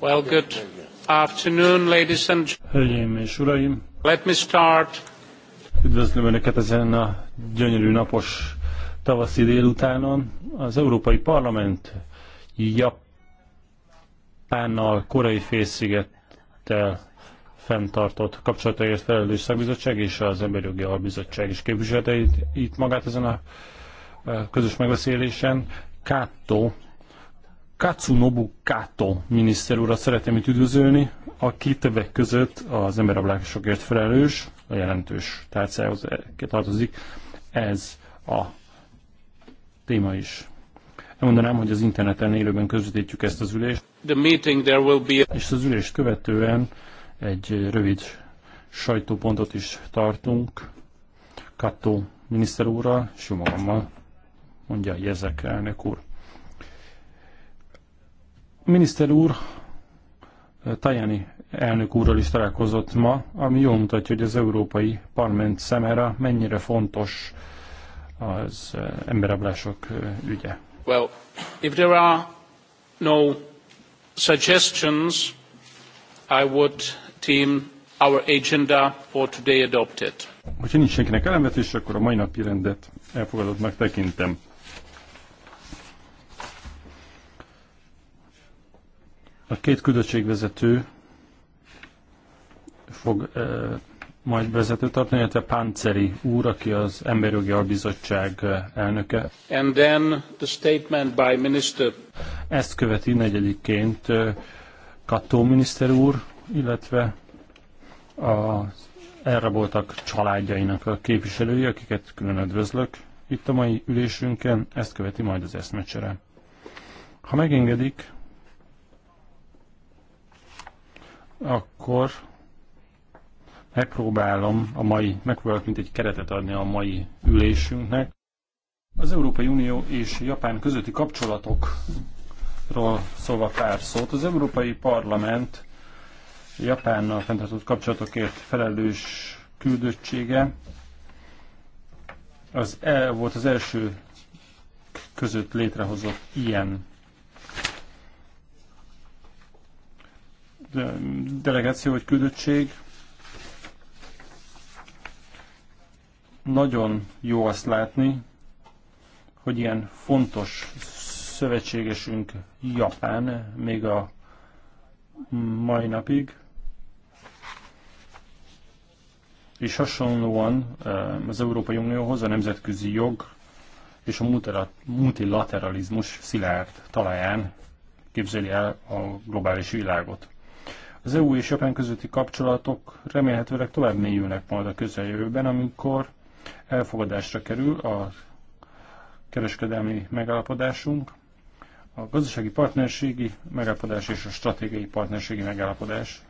Well, good afternoon, ladies and Hölgyeim és uraim! Let me start. Üdvözlöm Önöket ezen a gyönyörű napos tavaszi délutánon. Az Európai Parlament Japánnal, korai félszigettel fenntartott kapcsolataért felelős szakbizottság és az Emberi Jogi Albizottság is képviselte itt magát ezen a eh, közös megbeszélésen. Kátó Katsunobu Kato miniszter urat szeretném itt üdvözölni, aki többek között az emberablásokért felelős, a jelentős tárcához tartozik. Ez a téma is. Elmondanám, hogy az interneten élőben közvetítjük ezt az ülést. The meeting there will be... És az ülést követően egy rövid sajtópontot is tartunk. Kato miniszter úrral és jó magammal, mondja Jezek elnök úr. Miniszter úr Tajani elnök úrral is találkozott ma, ami jól mutatja, hogy az Európai Parlament szemére mennyire fontos az eh, emberablások eh, ügye. Well, if there are no suggestions, I would deem our agenda for today adopted. Hogyha nincs senkinek elemetés, akkor a mai napi rendet elfogadottnak tekintem. A két küldöttségvezető fog e, majd vezető tartani, illetve Pánceri úr, aki az Emberjogi Albizottság eh, elnöke. And then the statement by minister. Ezt követi negyediként eh, Kató miniszter úr, illetve az elraboltak családjainak a képviselői, akiket külön üdvözlök itt a mai ülésünkön, ezt követi majd az eszmecsere. Ha megengedik, akkor megpróbálom a mai, megpróbálok mint egy keretet adni a mai ülésünknek. Az Európai Unió és Japán közötti kapcsolatokról szólva pár szót. Az Európai Parlament Japánnal fenntartott kapcsolatokért felelős küldöttsége az el, volt az első között létrehozott ilyen delegáció vagy küldöttség. Nagyon jó azt látni, hogy ilyen fontos szövetségesünk Japán még a mai napig. És hasonlóan eh, az Európai Unióhoz a nemzetközi jog és a multilateralizmus szilárd talaján képzeli el a globális világot. Az EU és Japán közötti kapcsolatok remélhetőleg tovább mélyülnek majd a közeljövőben, amikor elfogadásra kerül a kereskedelmi megállapodásunk, a gazdasági partnerségi megállapodás és a stratégiai partnerségi megállapodás.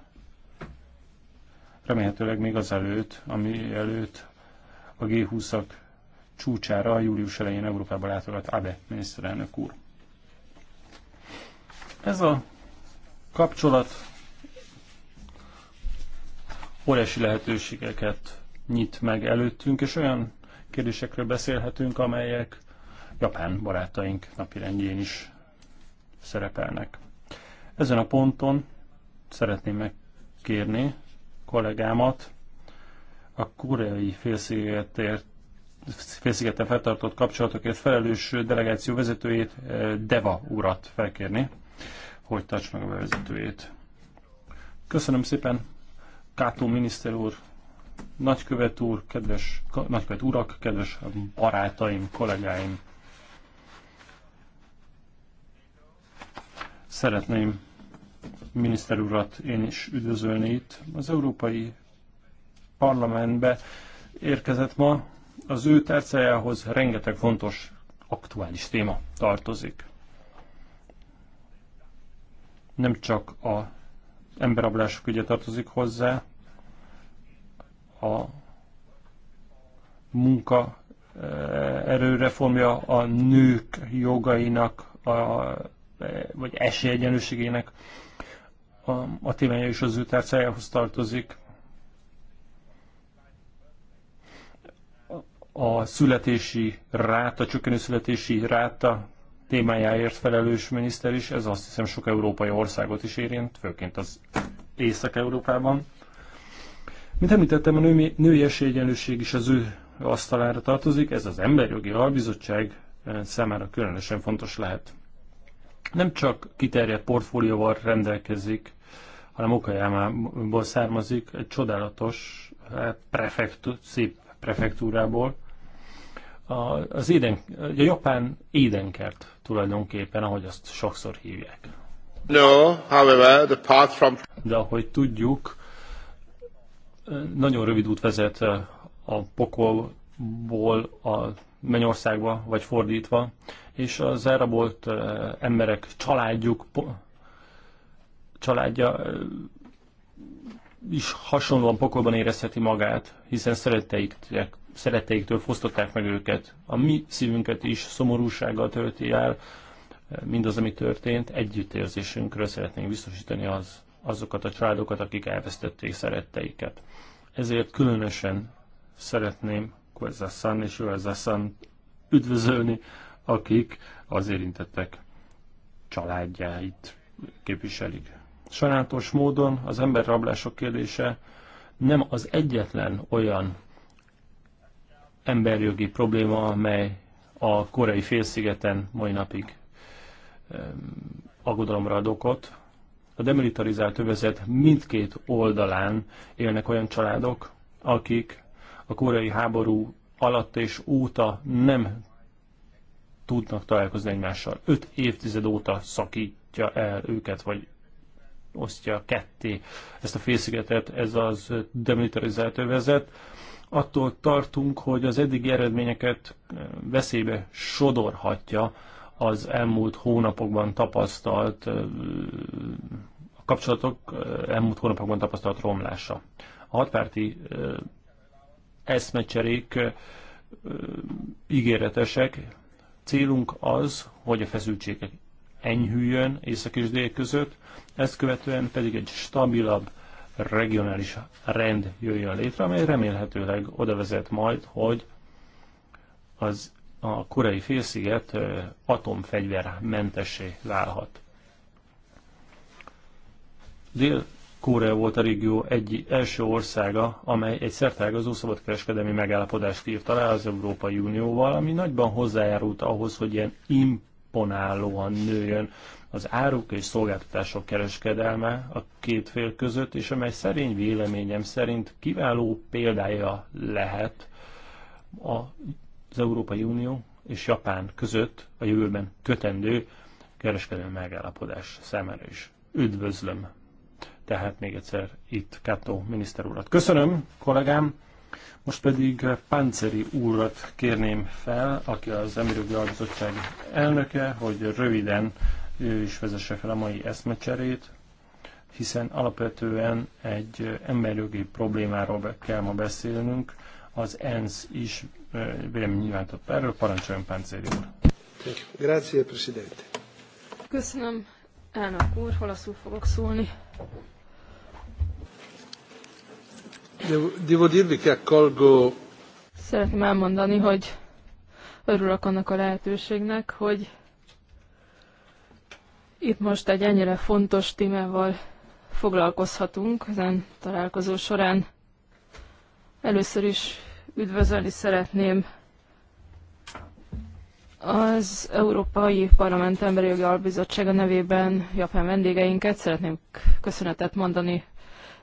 Remélhetőleg még azelőtt, ami előtt a G20-ak csúcsára a július elején Európában látogat Abe miniszterelnök úr. Ez a kapcsolat óriási lehetőségeket nyit meg előttünk, és olyan kérdésekről beszélhetünk, amelyek japán barátaink napirendjén is szerepelnek. Ezen a ponton szeretném megkérni kollégámat, a koreai félszigetért félszigeten feltartott kapcsolatokért felelős delegáció vezetőjét, eh, Deva urat felkérni, hogy tarts meg a vezetőjét. Köszönöm szépen, Kátó miniszter úr, nagykövet úr, kedves nagykövet urak, kedves barátaim, kollégáim. Szeretném miniszter urat én is üdvözölni itt. Az Európai Parlamentbe érkezett ma, az ő tercejához rengeteg fontos aktuális téma tartozik. Nem csak a emberablások ugye tartozik hozzá, a munka e, erőreformja a nők jogainak, a, e, vagy esélyegyenlőségének a, a témája is az ő tárcájához tartozik. A születési ráta, csökkenő születési ráta témájáért felelős miniszter is, ez azt hiszem sok európai országot is érint, főként az Észak-Európában. Mint említettem, a női, női esélyegyenlőség is az ő asztalára tartozik, ez az Emberjogi Albizottság eh, számára különösen fontos lehet. Nem csak kiterjedt portfólióval rendelkezik, hanem Okajámából származik egy csodálatos eh, prefektú szép prefektúrából, a, az éden, a japán édenkert tulajdonképpen, ahogy azt sokszor hívják. No, however, the path from... De ahogy tudjuk, nagyon rövid út vezet eh, a pokolból a Mennyországba, vagy fordítva, és az elrabolt eh, emberek családjuk, családja eh, is hasonlóan pokolban érezheti magát, hiszen szeretteik szeretteiktől fosztották meg őket. A mi szívünket is szomorúsággal tölti el mindaz, ami történt. Együttérzésünkről szeretnénk biztosítani az, azokat a családokat, akik elvesztették szeretteiket. Ezért különösen szeretném Kwezasan és Joezasan üdvözölni, akik az érintettek családjáit képviselik. Sajnálatos módon az emberrablások kérdése nem az egyetlen olyan emberjogi probléma, amely a koreai félszigeten mai napig aggodalomra ad okot. A demilitarizált övezet mindkét oldalán élnek olyan családok, akik a koreai háború alatt és óta nem tudnak találkozni egymással. Öt évtized óta szakítja el őket, vagy osztja ketté ezt a félszigetet, ez az demilitarizált övezet attól tartunk, hogy az eddigi eredményeket eh, veszélybe sodorhatja az elmúlt hónapokban tapasztalt eh, a kapcsolatok eh, elmúlt hónapokban tapasztalt romlása. A hatpárti eszmecserék ígéretesek. Célunk az, hogy a feszültségek enyhüljön észak és dél között, ezt követően pedig egy stabilabb regionális rend jöjjön létre, amely remélhetőleg oda vezet majd, hogy az a korai félsziget atomfegyver mentesé válhat. Dél-Korea volt a régió egy első országa, amely egy szertágazó szabadkereskedelmi megállapodást írt alá az Európai Unióval, ami nagyban hozzájárult ahhoz, hogy ilyen imp exponálóan nőjön az áruk és szolgáltatások kereskedelme a két fél között, és amely szerény véleményem szerint kiváló példája lehet az Európai Unió és Japán között a jövőben kötendő kereskedelmi megállapodás számára is. Üdvözlöm! Tehát még egyszer itt Kato miniszter urat. Köszönöm, kollégám! Most pedig panceri úrat kérném fel, aki az Emirjogi Albizottság elnöke, hogy röviden ő is vezesse fel a mai eszmecserét, hiszen alapvetően egy emberjogi problémáról kell ma beszélnünk. Az ENSZ is vélemény nyilvántott erről. Parancsoljon panceri úr! Grazie, Presidente. Köszönöm, elnök úr, olaszul fogok szólni. Szeretném elmondani, hogy örülök annak a lehetőségnek, hogy itt most egy ennyire fontos témával foglalkozhatunk ezen találkozó során. Először is üdvözölni szeretném az Európai Parlament Emberi Jogi Albizottsága nevében japán vendégeinket szeretném köszönetet mondani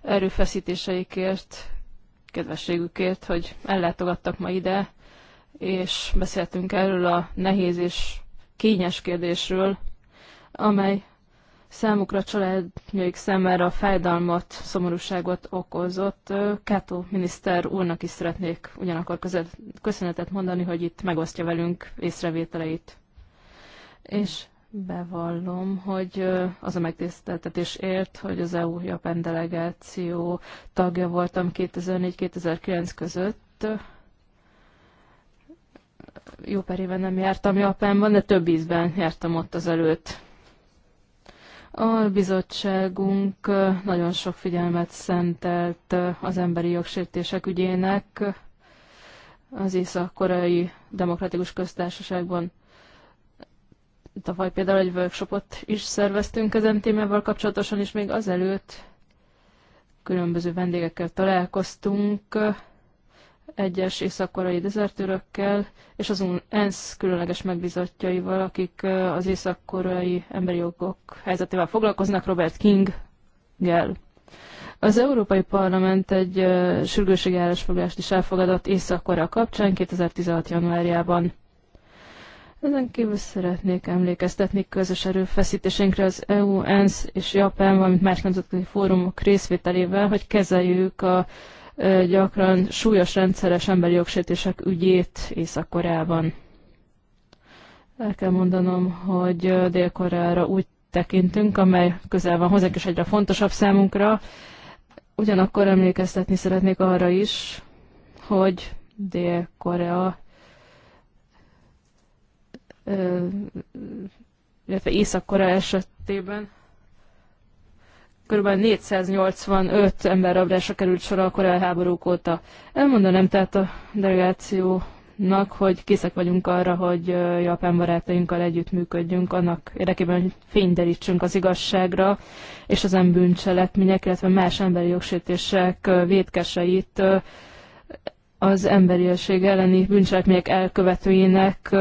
erőfeszítéseikért, kedvességükért, hogy ellátogattak ma ide, és beszéltünk erről a nehéz és kényes kérdésről, amely számukra családjaik számára fájdalmat, szomorúságot okozott. Kátó miniszter úrnak is szeretnék ugyanakkor köszönetet mondani, hogy itt megosztja velünk észrevételeit. És Bevallom, hogy az a megtiszteltetés ért, hogy az EU-Japán delegáció tagja voltam 2004-2009 között. Jó pár éve nem jártam Japánban, de több ízben jártam ott az előtt. A bizottságunk nagyon sok figyelmet szentelt az emberi jogsértések ügyének az észak-koreai demokratikus köztársaságban Tavaly például egy workshopot is szerveztünk ezen témával kapcsolatosan, és még azelőtt különböző vendégekkel találkoztunk, egyes északkorai dezertőrökkel, és az ENSZ különleges megbizatjaival, akik az északkorai emberi jogok helyzetével foglalkoznak, Robert King -gel. Az Európai Parlament egy sürgőségi állásfoglalást is elfogadott észak kapcsán 2016. januárjában. Ezen kívül szeretnék emlékeztetni közös erőfeszítésünkre az EU, ENSZ és Japán, valamint más nemzetközi fórumok részvételével, hogy kezeljük a gyakran súlyos rendszeres emberi jogsértések ügyét Észak-Koreában. El kell mondanom, hogy Dél-Koreára úgy tekintünk, amely közel van hozzánk, és egyre fontosabb számunkra. Ugyanakkor emlékeztetni szeretnék arra is, hogy Dél-Korea illetve Észak-Korea esetében kb. 485 ember rablásra került sor a korai háborúk óta. Elmondanám tehát a delegációnak, hogy készek vagyunk arra, hogy japán barátainkkal együttműködjünk, annak érdekében, hogy fényderítsünk az igazságra, és az embűncselekmények, illetve más emberi jogsértések védkeseit az emberiesség elleni bűncselekmények elkövetőinek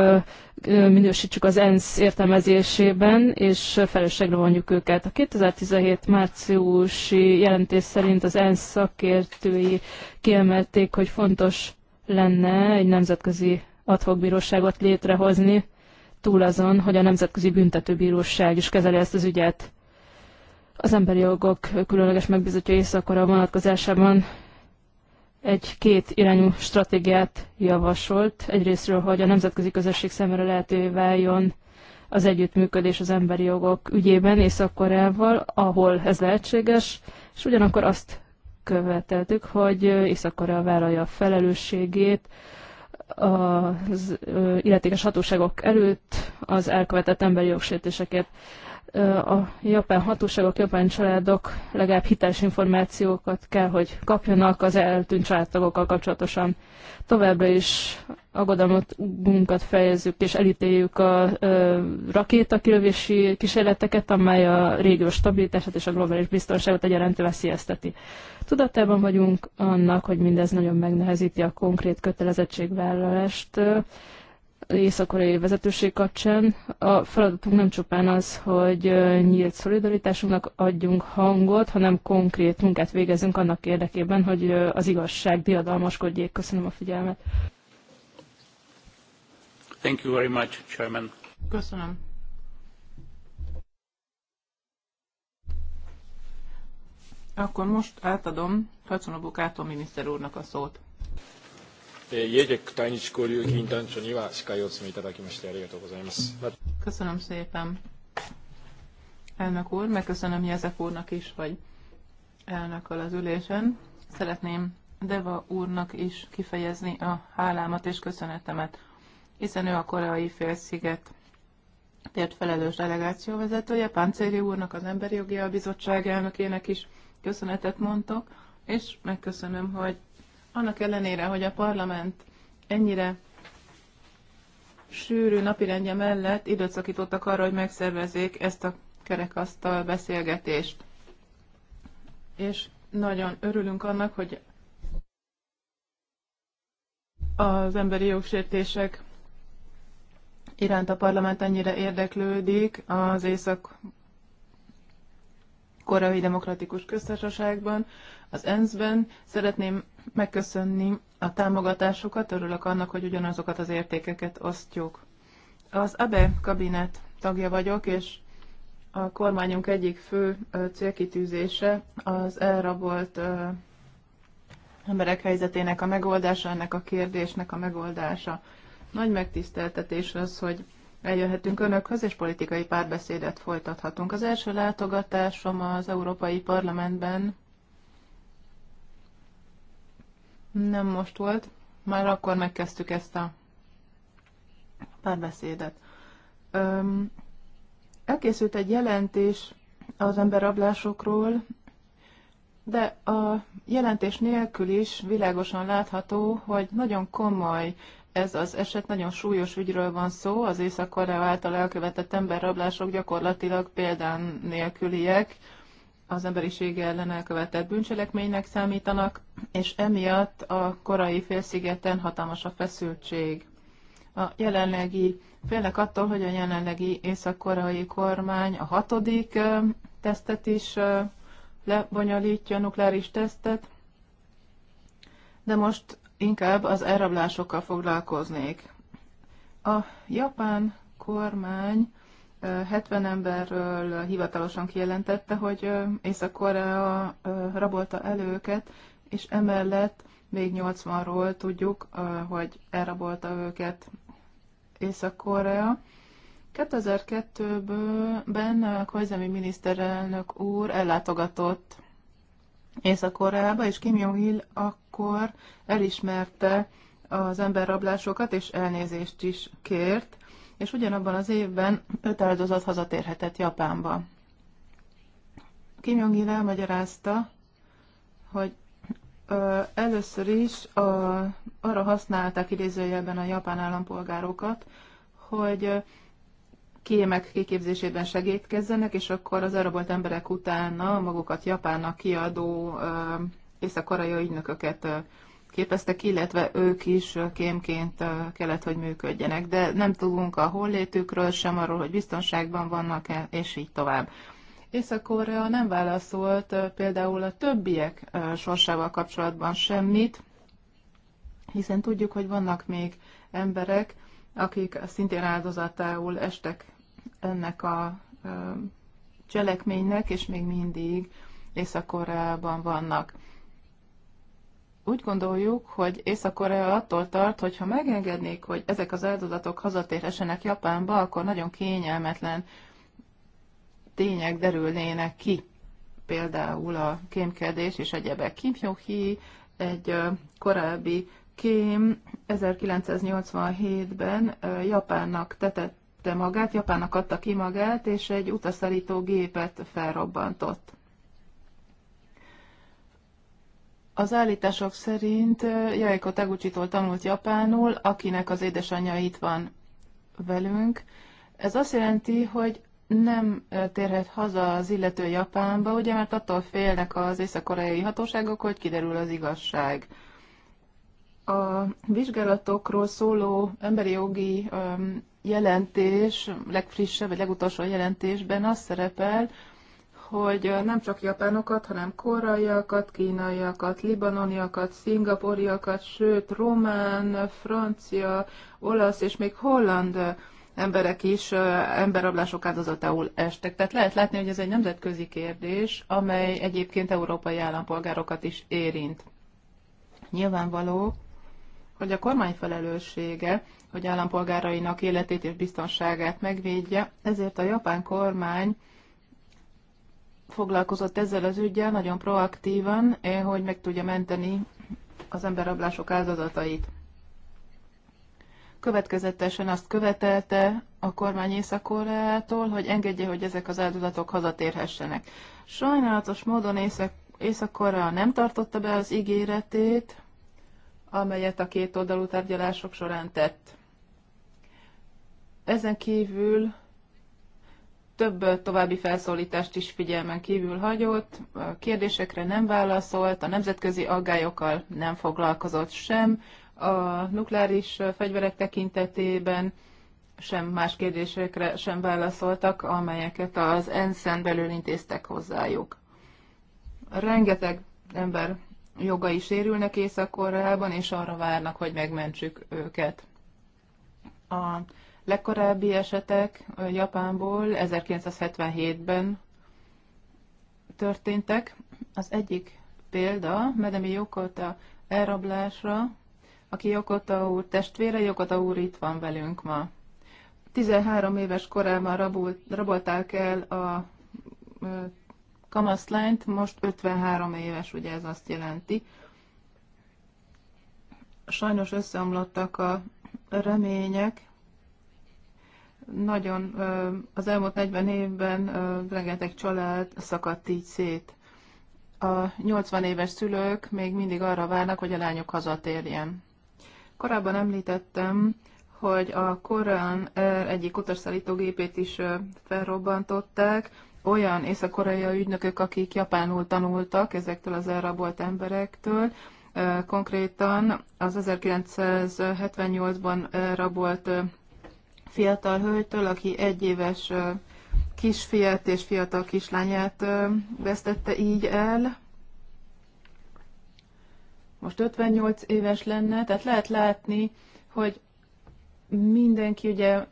minősítsük az ENSZ értelmezésében, és felelősségre vonjuk őket. A 2017 márciusi jelentés szerint az ENSZ szakértői kiemelték, hogy fontos lenne egy nemzetközi adhokbíróságot létrehozni, túl azon, hogy a Nemzetközi Büntetőbíróság is kezeli ezt az ügyet. Az emberi jogok különleges megbizotja északora vonatkozásában egy-két irányú stratégiát javasolt. Egyrésztről, hogy a nemzetközi közösség szemére lehetővé váljon az együttműködés az emberi jogok ügyében Észak-Koreával, ahol ez lehetséges, és ugyanakkor azt követeltük, hogy Észak-Korea vállalja a felelősségét az illetékes hatóságok előtt az elkövetett emberi jogsértéseket a japán hatóságok, japán családok legalább hiteles információkat kell, hogy kapjanak az eltűnt családtagokkal kapcsolatosan. Továbbra is aggodalmunkat fejezzük és elítéljük a rakétakilövési kísérleteket, amely a régió stabilitását és a globális biztonságot egyaránt veszélyezteti. Tudatában vagyunk annak, hogy mindez nagyon megnehezíti a konkrét kötelezettségvállalást észak-koreai vezetőség kapcsán. A feladatunk nem csupán az, hogy nyílt szolidaritásunknak adjunk hangot, hanem konkrét munkát végezünk annak érdekében, hogy az igazság diadalmaskodjék. Köszönöm a figyelmet. Thank you very much, Chairman. Köszönöm. Akkor most átadom Katsonobu Kátó miniszter úrnak a szót. Köszönöm szépen. Elnök úr, megköszönöm Jezek úrnak is, hogy elnököl az ülésen. Szeretném Deva úrnak is kifejezni a hálámat és köszönetemet, hiszen ő a koreai félsziget tért felelős delegáció vezetője, Páncéli úrnak, az Emberi Jogi Bizottság elnökének is köszönetet mondtok, és megköszönöm, hogy annak ellenére, hogy a parlament ennyire sűrű napirendje mellett időt szakítottak arra, hogy megszervezzék ezt a kerekasztal beszélgetést. És nagyon örülünk annak, hogy az emberi jogsértések iránt a parlament ennyire érdeklődik az észak koreai demokratikus köztársaságban, az ENSZ-ben. Szeretném megköszönni a támogatásukat, örülök annak, hogy ugyanazokat az értékeket osztjuk. Az ABE kabinet tagja vagyok, és a kormányunk egyik fő célkitűzése az elrabolt emberek helyzetének a megoldása, ennek a kérdésnek a megoldása. Nagy megtiszteltetés az, hogy eljöhetünk önökhöz, és politikai párbeszédet folytathatunk. Az első látogatásom az Európai Parlamentben nem most volt, már akkor megkezdtük ezt a párbeszédet. Öm, elkészült egy jelentés az emberrablásokról, de a jelentés nélkül is világosan látható, hogy nagyon komoly ez az eset, nagyon súlyos ügyről van szó, az észak által elkövetett emberrablások gyakorlatilag példán nélküliek, az emberiség ellen elkövetett bűncselekménynek számítanak, és emiatt a korai félszigeten hatalmas a feszültség. A jelenlegi, félnek attól, hogy a jelenlegi észak-koreai kormány a hatodik tesztet is lebonyolítja, a nukleáris tesztet, de most inkább az elrablásokkal foglalkoznék. A japán kormány 70 emberről hivatalosan kijelentette, hogy Észak-Korea rabolta el őket, és emellett még 80-ról tudjuk, hogy elrabolta őket Észak-Korea. 2002-ben Koizemi miniszterelnök úr ellátogatott Észak-Koreába, és Kim Jong-il akkor elismerte az emberrablásokat, és elnézést is kért és ugyanabban az évben öt áldozat hazatérhetett Japánba. Kim Jong-il elmagyarázta, hogy ö, először is a, arra használták idézőjelben a japán állampolgárokat, hogy kémek kiképzésében segítkezzenek, és akkor az arabolt emberek utána magukat Japánnak kiadó észak-koreai ügynököket ö, képeztek, illetve ők is kémként kellett, hogy működjenek. De nem tudunk a hollétükről sem, arról, hogy biztonságban vannak-e, és így tovább. Észak-Korea nem válaszolt például a többiek sorsával kapcsolatban semmit, hiszen tudjuk, hogy vannak még emberek, akik szintén áldozatául estek ennek a cselekménynek, és még mindig Észak-Koreában vannak úgy gondoljuk, hogy Észak-Korea attól tart, hogy ha megengednék, hogy ezek az áldozatok hazatérhessenek Japánba, akkor nagyon kényelmetlen tények derülnének ki. Például a kémkedés és egyebek. Kim Jong-hi egy korábbi kém 1987-ben Japánnak tetette magát, Japánnak adta ki magát, és egy utaszállító gépet felrobbantott. Az állítások szerint Jaiko Taguchi-tól tanult japánul, akinek az édesanyja itt van velünk. Ez azt jelenti, hogy nem térhet haza az illető Japánba, ugye, mert attól félnek az észak-koreai hatóságok, hogy kiderül az igazság. A vizsgálatokról szóló emberi jogi jelentés, legfrissebb vagy legutolsó jelentésben az szerepel, hogy nem csak japánokat, hanem koraiakat, kínaiakat, libanoniakat, szingaporiakat, sőt, román, francia, olasz és még holland emberek is emberrablások áldozatául estek. Tehát lehet látni, hogy ez egy nemzetközi kérdés, amely egyébként európai állampolgárokat is érint. Nyilvánvaló, hogy a kormány felelőssége, hogy állampolgárainak életét és biztonságát megvédje, ezért a japán kormány foglalkozott ezzel az ügyel nagyon proaktívan, eh, hogy meg tudja menteni az emberrablások áldozatait. Következetesen azt követelte a kormány észak hogy engedje, hogy ezek az áldozatok hazatérhessenek. Sajnálatos módon észak Észak-Korea nem tartotta be az ígéretét, amelyet a két oldalú tárgyalások során tett. Ezen kívül több további felszólítást is figyelmen kívül hagyott, a kérdésekre nem válaszolt, a nemzetközi aggályokkal nem foglalkozott sem, a nukleáris fegyverek tekintetében sem más kérdésekre sem válaszoltak, amelyeket az ENSZ-en belül intéztek hozzájuk. Rengeteg ember jogai sérülnek észak és arra várnak, hogy megmentsük őket. A legkorábbi esetek Japánból 1977-ben történtek. Az egyik példa Medemi Jokota elrablásra, aki Jokota úr testvére, Jokota úr itt van velünk ma. 13 éves korában rabult, rabolták el a kamaszlányt, most 53 éves, ugye ez azt jelenti. Sajnos összeomlottak a remények, nagyon az elmúlt 40 évben rengeteg család szakadt így szét. A 80 éves szülők még mindig arra várnak, hogy a lányok hazatérjen. Korábban említettem, hogy a Korán egyik utasszállítógépét is felrobbantották, olyan észak-koreai ügynökök, akik japánul tanultak ezektől az elrabolt emberektől, konkrétan az 1978-ban rabolt fiatal hölgytől, aki egy éves kisfiát és fiatal kislányát vesztette így el. Most 58 éves lenne, tehát lehet látni, hogy mindenki ugye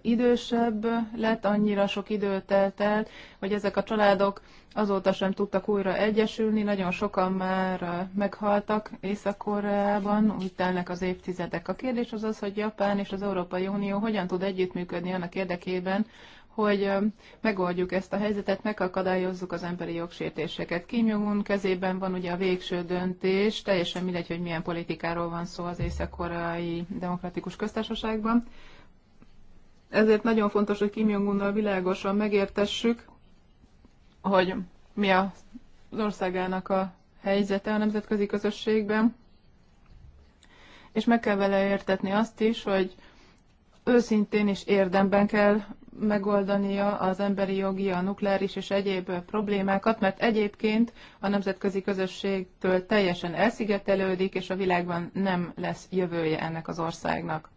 idősebb lett, annyira sok idő telt el, hogy ezek a családok azóta sem tudtak újra egyesülni, nagyon sokan már meghaltak Észak-Koreában, úgy telnek az évtizedek. A kérdés az az, hogy Japán és az Európai Unió hogyan tud együttműködni annak érdekében, hogy megoldjuk ezt a helyzetet, megakadályozzuk az emberi jogsértéseket. Kim Jong-un kezében van ugye a végső döntés, teljesen mindegy, hogy milyen politikáról van szó az észak-koreai demokratikus köztársaságban, ezért nagyon fontos, hogy Kim jong világosan megértessük, hogy mi az országának a helyzete a nemzetközi közösségben, és meg kell vele értetni azt is, hogy őszintén és érdemben kell megoldania az emberi jogi, a nukleáris és egyéb problémákat, mert egyébként a nemzetközi közösségtől teljesen elszigetelődik, és a világban nem lesz jövője ennek az országnak.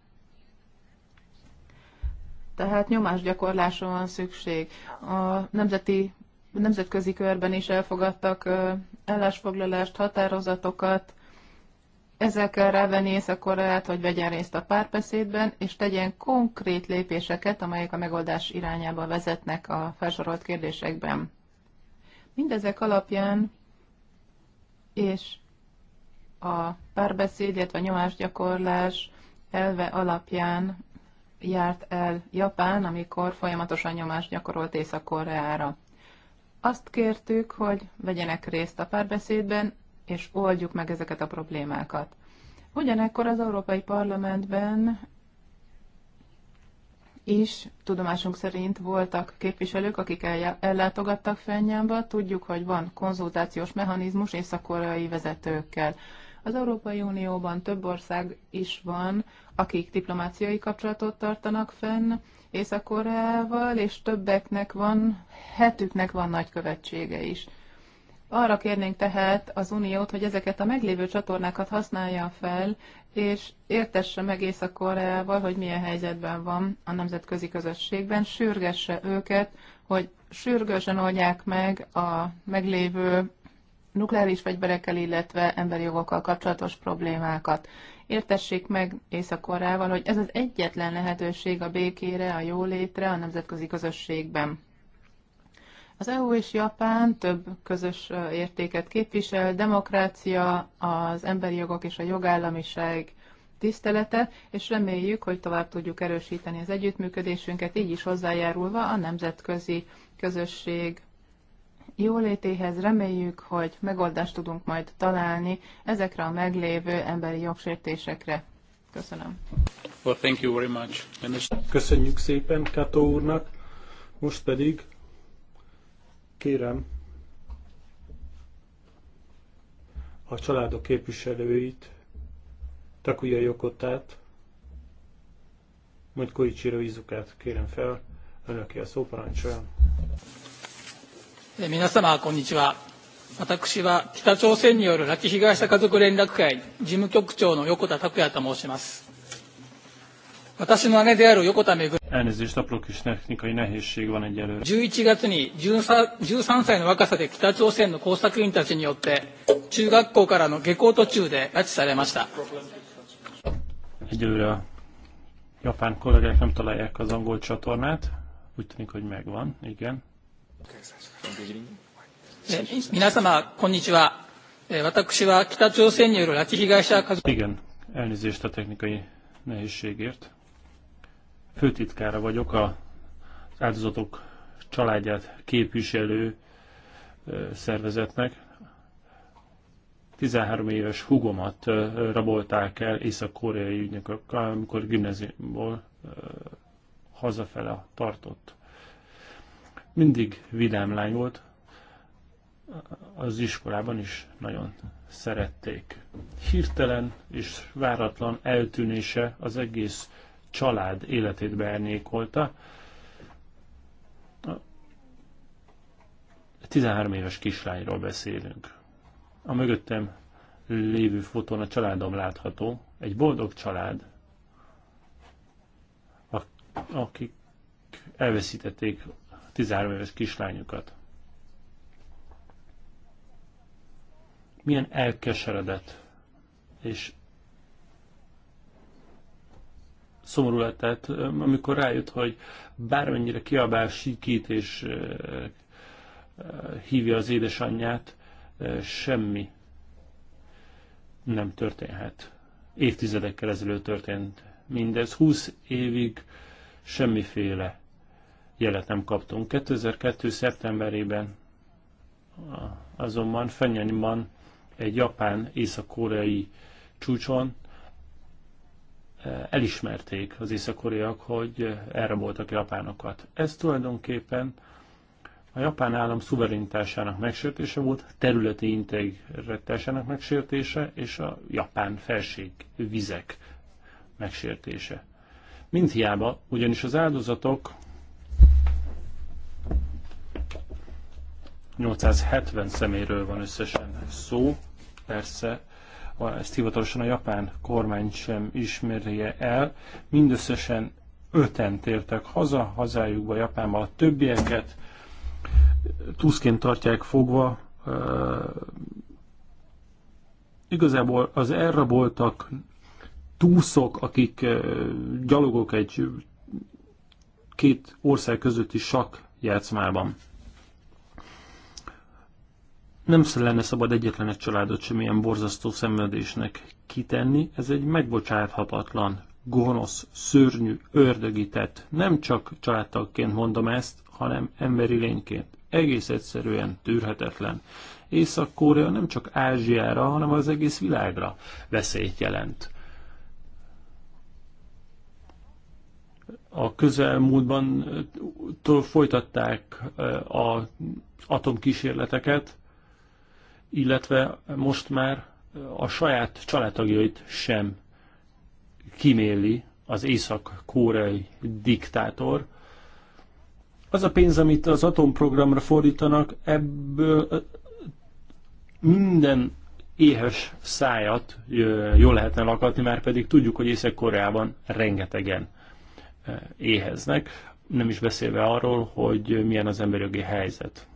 Tehát nyomásgyakorlásra van szükség. A nemzeti, nemzetközi körben is elfogadtak állásfoglalást, határozatokat, ezzel kell rávenni Észak-Koreát, hogy vegyen részt a párbeszédben, és tegyen konkrét lépéseket, amelyek a megoldás irányába vezetnek a felsorolt kérdésekben. Mindezek alapján és a párbeszéd, illetve nyomásgyakorlás elve alapján járt el Japán, amikor folyamatosan nyomást gyakorolt Észak-Koreára. Azt kértük, hogy vegyenek részt a párbeszédben, és oldjuk meg ezeket a problémákat. Ugyanekkor az Európai Parlamentben is tudomásunk szerint voltak képviselők, akik ellátogattak Fennyámba. Tudjuk, hogy van konzultációs mechanizmus észak-koreai vezetőkkel. Az Európai Unióban több ország is van, akik diplomáciai kapcsolatot tartanak fenn Észak-Koreával, és többeknek van, hetüknek van nagykövetsége is. Arra kérnénk tehát az Uniót, hogy ezeket a meglévő csatornákat használja fel, és értesse meg Észak-Koreával, hogy milyen helyzetben van a nemzetközi közösségben, sürgesse őket, hogy sürgősen oldják meg a meglévő nukleáris fegyverekkel, illetve emberi jogokkal kapcsolatos problémákat. Értessék meg Észak-Koreával, hogy ez az egyetlen lehetőség a békére, a jólétre a nemzetközi közösségben. Az EU és Japán több közös értéket képvisel, demokrácia, az emberi jogok és a jogállamiság tisztelete, és reméljük, hogy tovább tudjuk erősíteni az együttműködésünket, így is hozzájárulva a nemzetközi közösség jólétéhez reméljük, hogy megoldást tudunk majd találni ezekre a meglévő emberi jogsértésekre. Köszönöm. Well, thank you very much. Köszönjük szépen Kato úrnak. Most pedig kérem a családok képviselőit, Takuya Jokotát, majd Koichiro Izukát kérem fel, önöki a szóparancsolja. 皆様こんにちは私は北朝鮮による拉致被害者家族連絡会事務局長の横田拓也と申します私の姉である横田めぐ Elnézést, apró kis technikai nehézség van egyelőre. 11月に 13, 13歳の若さで北朝鮮の工作員たちによって中学校からの下校途中で拉致されました。Egyelőre a japán kollégák nem találják az angol csatornát. Úgy tűnik, hogy megvan, igen. 皆様、こんにちは。私は北朝鮮による拉致被害者家族。Igen, elnézést a technikai nehézségért. Főtitkára vagyok a áldozatok családját képviselő szervezetnek. 13 éves hugomat rabolták el észak-koreai ügynökök, amikor gimnáziumból hazafele tartott mindig vidám lány volt, az iskolában is nagyon szerették. Hirtelen és váratlan eltűnése az egész család életét beárnyékolta. 13 éves kislányról beszélünk. A mögöttem lévő fotón a családom látható, egy boldog család, akik elveszítették 13 éves kislányukat. Milyen elkeseredett és szomorú lett, tehát amikor rájött, hogy bármennyire kiabál, sikít és hívja az édesanyját, semmi nem történhet. Évtizedekkel ezelőtt történt mindez. 20 évig semmiféle jelet nem kaptunk. 2002. szeptemberében azonban Fenyanyban egy japán-észak-koreai csúcson e, elismerték az észak-koreak, hogy elraboltak japánokat. Ez tulajdonképpen a japán állam szuverenitásának megsértése volt, területi integritásának megsértése és a japán felség vizek megsértése. Mint hiába, ugyanis az áldozatok 870 szeméről van összesen szó. Persze ezt hivatalosan a japán kormány sem ismerje el. Mindösszesen öten tértek haza, hazájukba, Japánba a többieket. Tuszként tartják fogva. igazából az elraboltak túszok, akik gyalogok egy két ország közötti sakk játszmában. Nem lenne szabad egyetlen egy családot semmilyen borzasztó szenvedésnek kitenni, ez egy megbocsáthatatlan, gonosz, szörnyű, ördögített. Nem csak családtagként mondom ezt, hanem emberi lényként. Egész egyszerűen tűrhetetlen. Észak-Korea nem csak Ázsiára, hanem az egész világra veszélyt jelent. a közelmúltban folytatták az atomkísérleteket, illetve most már a saját családtagjait sem kiméli az észak-koreai diktátor. Az a pénz, amit az atomprogramra fordítanak, ebből minden éhes szájat jól lehetne lakatni, már pedig tudjuk, hogy Észak-Koreában rengetegen éheznek, nem is beszélve arról, hogy milyen az emberi jogi helyzet.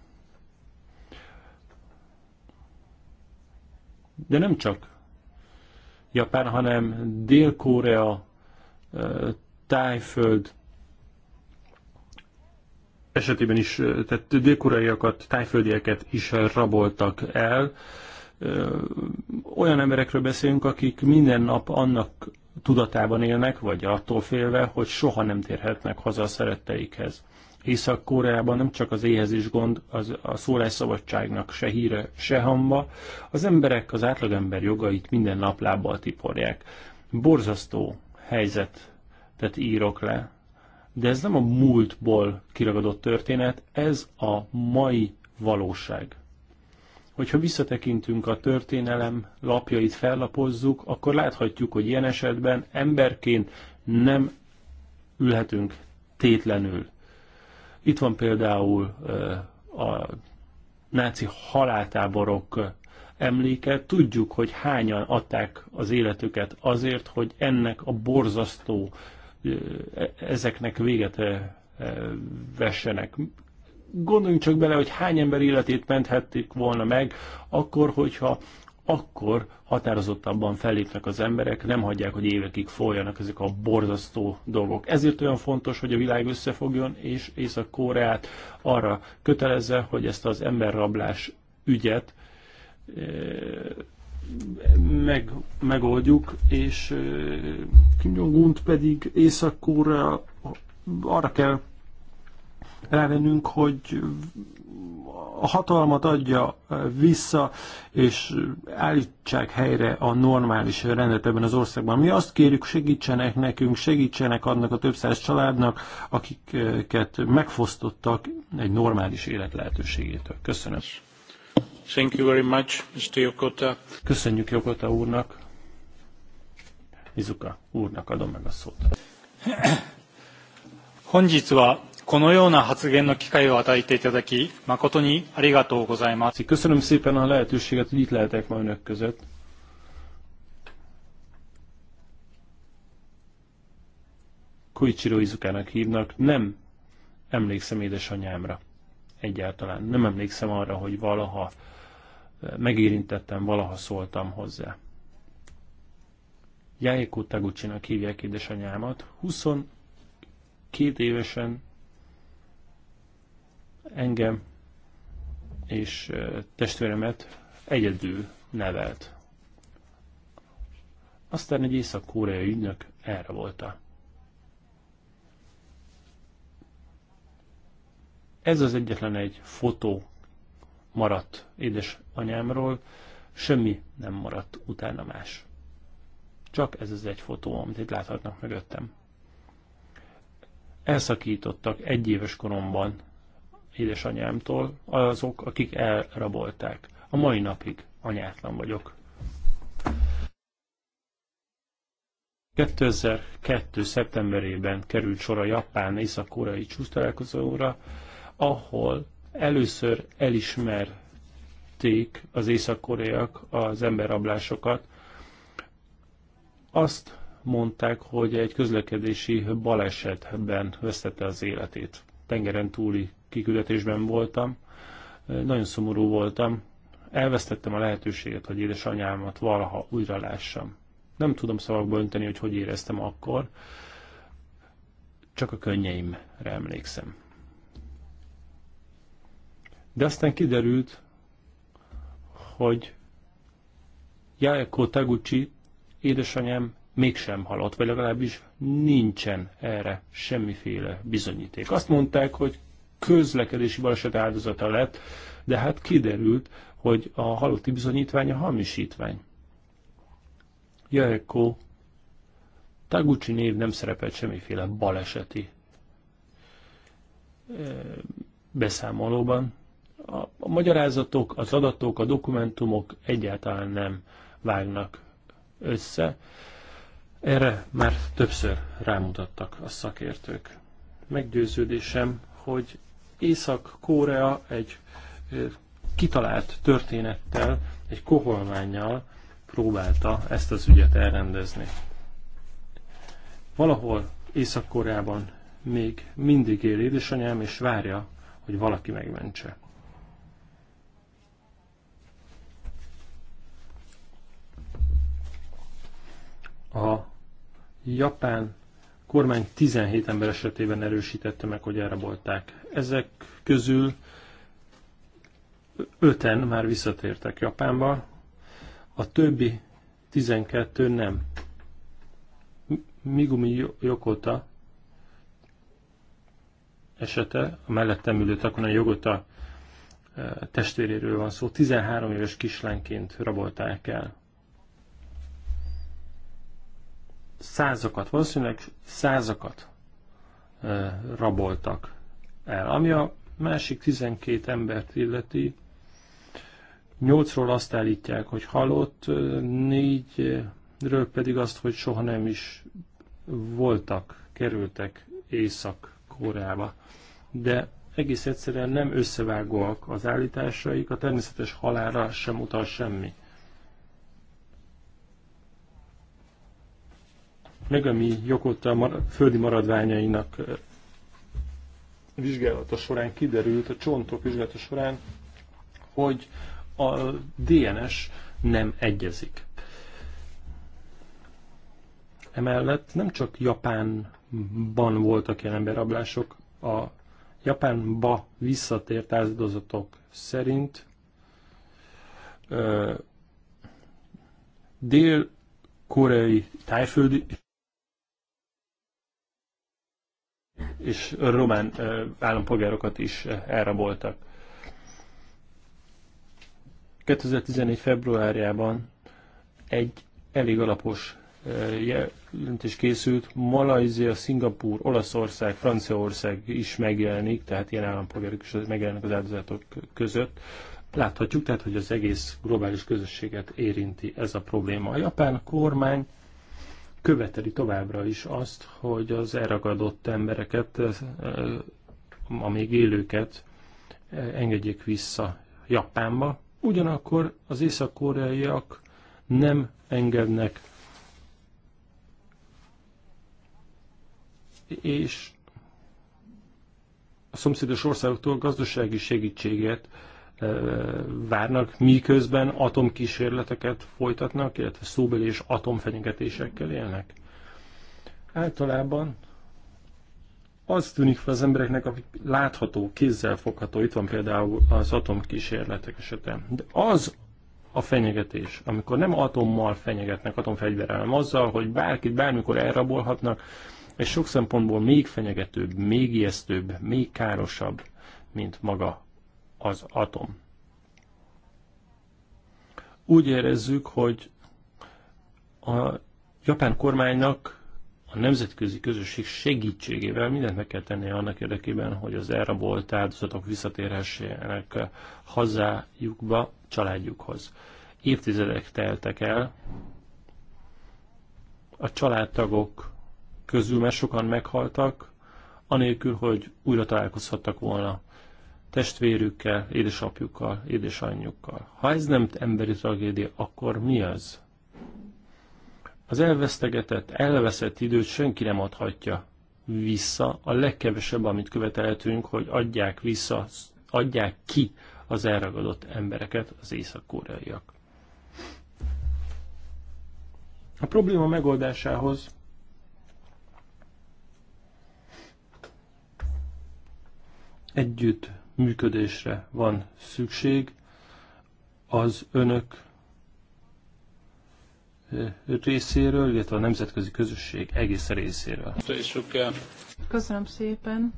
De nem csak Japán, hanem Dél-Korea, eh, Tájföld esetében is, eh, tehát dél-koreaiakat, tájföldieket is raboltak el. Eh, olyan emberekről beszélünk, akik minden nap annak tudatában élnek, vagy attól félve, hogy soha nem térhetnek haza a szeretteikhez. Észak-Koreában nem csak az éhezés gond, az a szólásszabadságnak se híre, se hamba. Az emberek, az átlagember jogait minden nap lábbal tiporják. Borzasztó helyzetet írok le, de ez nem a múltból kiragadott történet, ez a mai valóság. Hogyha visszatekintünk a történelem lapjait, fellapozzuk, akkor láthatjuk, hogy ilyen esetben emberként nem ülhetünk tétlenül. Itt van például a náci haláltáborok emléke. Tudjuk, hogy hányan adták az életüket azért, hogy ennek a borzasztó e, ezeknek véget e, vessenek. Gondoljunk csak bele, hogy hány ember életét menthették volna meg, akkor, hogyha akkor határozottabban fellépnek az emberek, nem hagyják, hogy évekig folyanak ezek a borzasztó dolgok. Ezért olyan fontos, hogy a világ összefogjon, és Észak-Koreát arra kötelezze, hogy ezt az emberrablás ügyet eh, meg, megoldjuk, és eh, Kim jong pedig Észak-Korea arra kell rávennünk, hogy a hatalmat adja vissza, és állítsák helyre a normális rendet ebben az országban. Mi azt kérjük, segítsenek nekünk, segítsenek annak a több száz családnak, akiket megfosztottak egy normális élet lehetőségétől. Köszönöm. Thank you very much, Mr. Jokota. Köszönjük Jokota úrnak. Izuka úrnak adom meg a szót. 本日はこのような発言の機会を与えていただき、誠にありがとうございます。Köszönöm szépen a lehetőséget, hogy itt lehetek ma önök között. Koichiro Izukának hívnak, nem emlékszem édesanyámra egyáltalán. Nem emlékszem arra, hogy valaha eh, megérintettem, valaha szóltam hozzá. Jaiko Taguchi-nak hívják édesanyámat. 22 évesen engem és testvéremet egyedül nevelt. Aztán egy észak-koreai ügynök erre volta. Ez az egyetlen egy fotó maradt édesanyámról. semmi nem maradt utána más. Csak ez az egy fotó, amit itt láthatnak mögöttem. Elszakítottak egy éves koromban édesanyámtól azok, akik elrabolták. A mai napig anyátlan vagyok. 2002. szeptemberében került sor a japán észak-koreai csúsztalálkozóra, ahol először elismerték az észak-koreak az emberrablásokat. Azt mondták, hogy egy közlekedési balesetben vesztette az életét, tengeren túli kiküldetésben voltam, nagyon szomorú voltam, elvesztettem a lehetőséget, hogy édesanyámat valaha újra lássam. Nem tudom szavakba önteni, hogy hogy éreztem akkor, csak a könnyeimre emlékszem. De aztán kiderült, hogy Jaeko Taguchi édesanyám mégsem halott, vagy legalábbis nincsen erre semmiféle bizonyíték. Azt mondták, hogy közlekedési baleset áldozata lett, de hát kiderült, hogy a halotti bizonyítvány a hamisítvány. Jaeko Taguchi név nem szerepelt semmiféle baleseti beszámolóban. A, a magyarázatok, az adatok, a dokumentumok egyáltalán nem vágnak össze. Erre már többször rámutattak a szakértők. Meggyőződésem, hogy Észak-Korea egy kitalált történettel, egy koholmánnyal próbálta ezt az ügyet elrendezni. Valahol Észak-Koreában még mindig él édesanyám, és várja, hogy valaki megmentse. A japán kormány 17 ember esetében erősítette meg, hogy elrabolták. Ezek közül öten már visszatértek Japánba, a többi 12 nem. Migumi Jokota esete, a mellettem ülő Takuna Jogota eh, testvéréről van szó, 13 éves kislányként rabolták el. százakat, valószínűleg százakat raboltak el. Ami a másik 12 embert illeti, 8-ról azt állítják, hogy halott, 4-ről pedig azt, hogy soha nem is voltak, kerültek Észak-Koreába. De egész egyszerűen nem összevágóak az állításaik, a természetes halára sem utal semmi. megömi jogot a földi maradványainak vizsgálata során kiderült, a csontok vizsgálata során, hogy a DNS nem egyezik. Emellett nem csak Japánban voltak ilyen emberrablások, a Japánba visszatért áldozatok szerint dél-koreai tájföldi és román állampolgárokat is elraboltak. 2014. februárjában egy elég alapos jelentés készült, Malajzia, Szingapúr, Olaszország, Franciaország is megjelenik, tehát ilyen állampolgárok is megjelennek az áldozatok között. Láthatjuk tehát, hogy az egész globális közösséget érinti ez a probléma. A japán kormány követeli továbbra is azt, hogy az elragadott embereket, eh, a még élőket eh, engedjék vissza Japánba. Ugyanakkor az észak-koreaiak nem engednek, és a szomszédos országoktól gazdasági segítséget várnak, miközben atomkísérleteket folytatnak, illetve szóbeli és atomfenyegetésekkel élnek? Általában az tűnik fel az embereknek, akik látható, kézzel fogható, itt van például az atomkísérletek esete. De az a fenyegetés, amikor nem atommal fenyegetnek, atomfegyverrel, hanem azzal, hogy bárkit bármikor elrabolhatnak, és sok szempontból még fenyegetőbb, még ijesztőbb, még károsabb, mint maga az atom. Úgy érezzük, hogy a japán kormánynak a nemzetközi közösség segítségével mindent meg kell tennie annak érdekében, hogy az elrabolt áldozatok visszatérhessenek hazájukba, családjukhoz. Évtizedek teltek el, a családtagok közül már sokan meghaltak, anélkül, hogy újra találkozhattak volna testvérükkel, édesapjukkal, édesanyjukkal. Ha ez nem emberi tragédia, akkor mi az? Az elvesztegetett, elveszett időt senki nem adhatja vissza. A legkevesebb, amit követelhetünk, hogy adják vissza, adják ki az elragadott embereket az észak-koreaiak. A probléma megoldásához együtt működésre van szükség az önök eh, részéről, illetve a nemzetközi közösség egész részéről. Köszönöm szépen,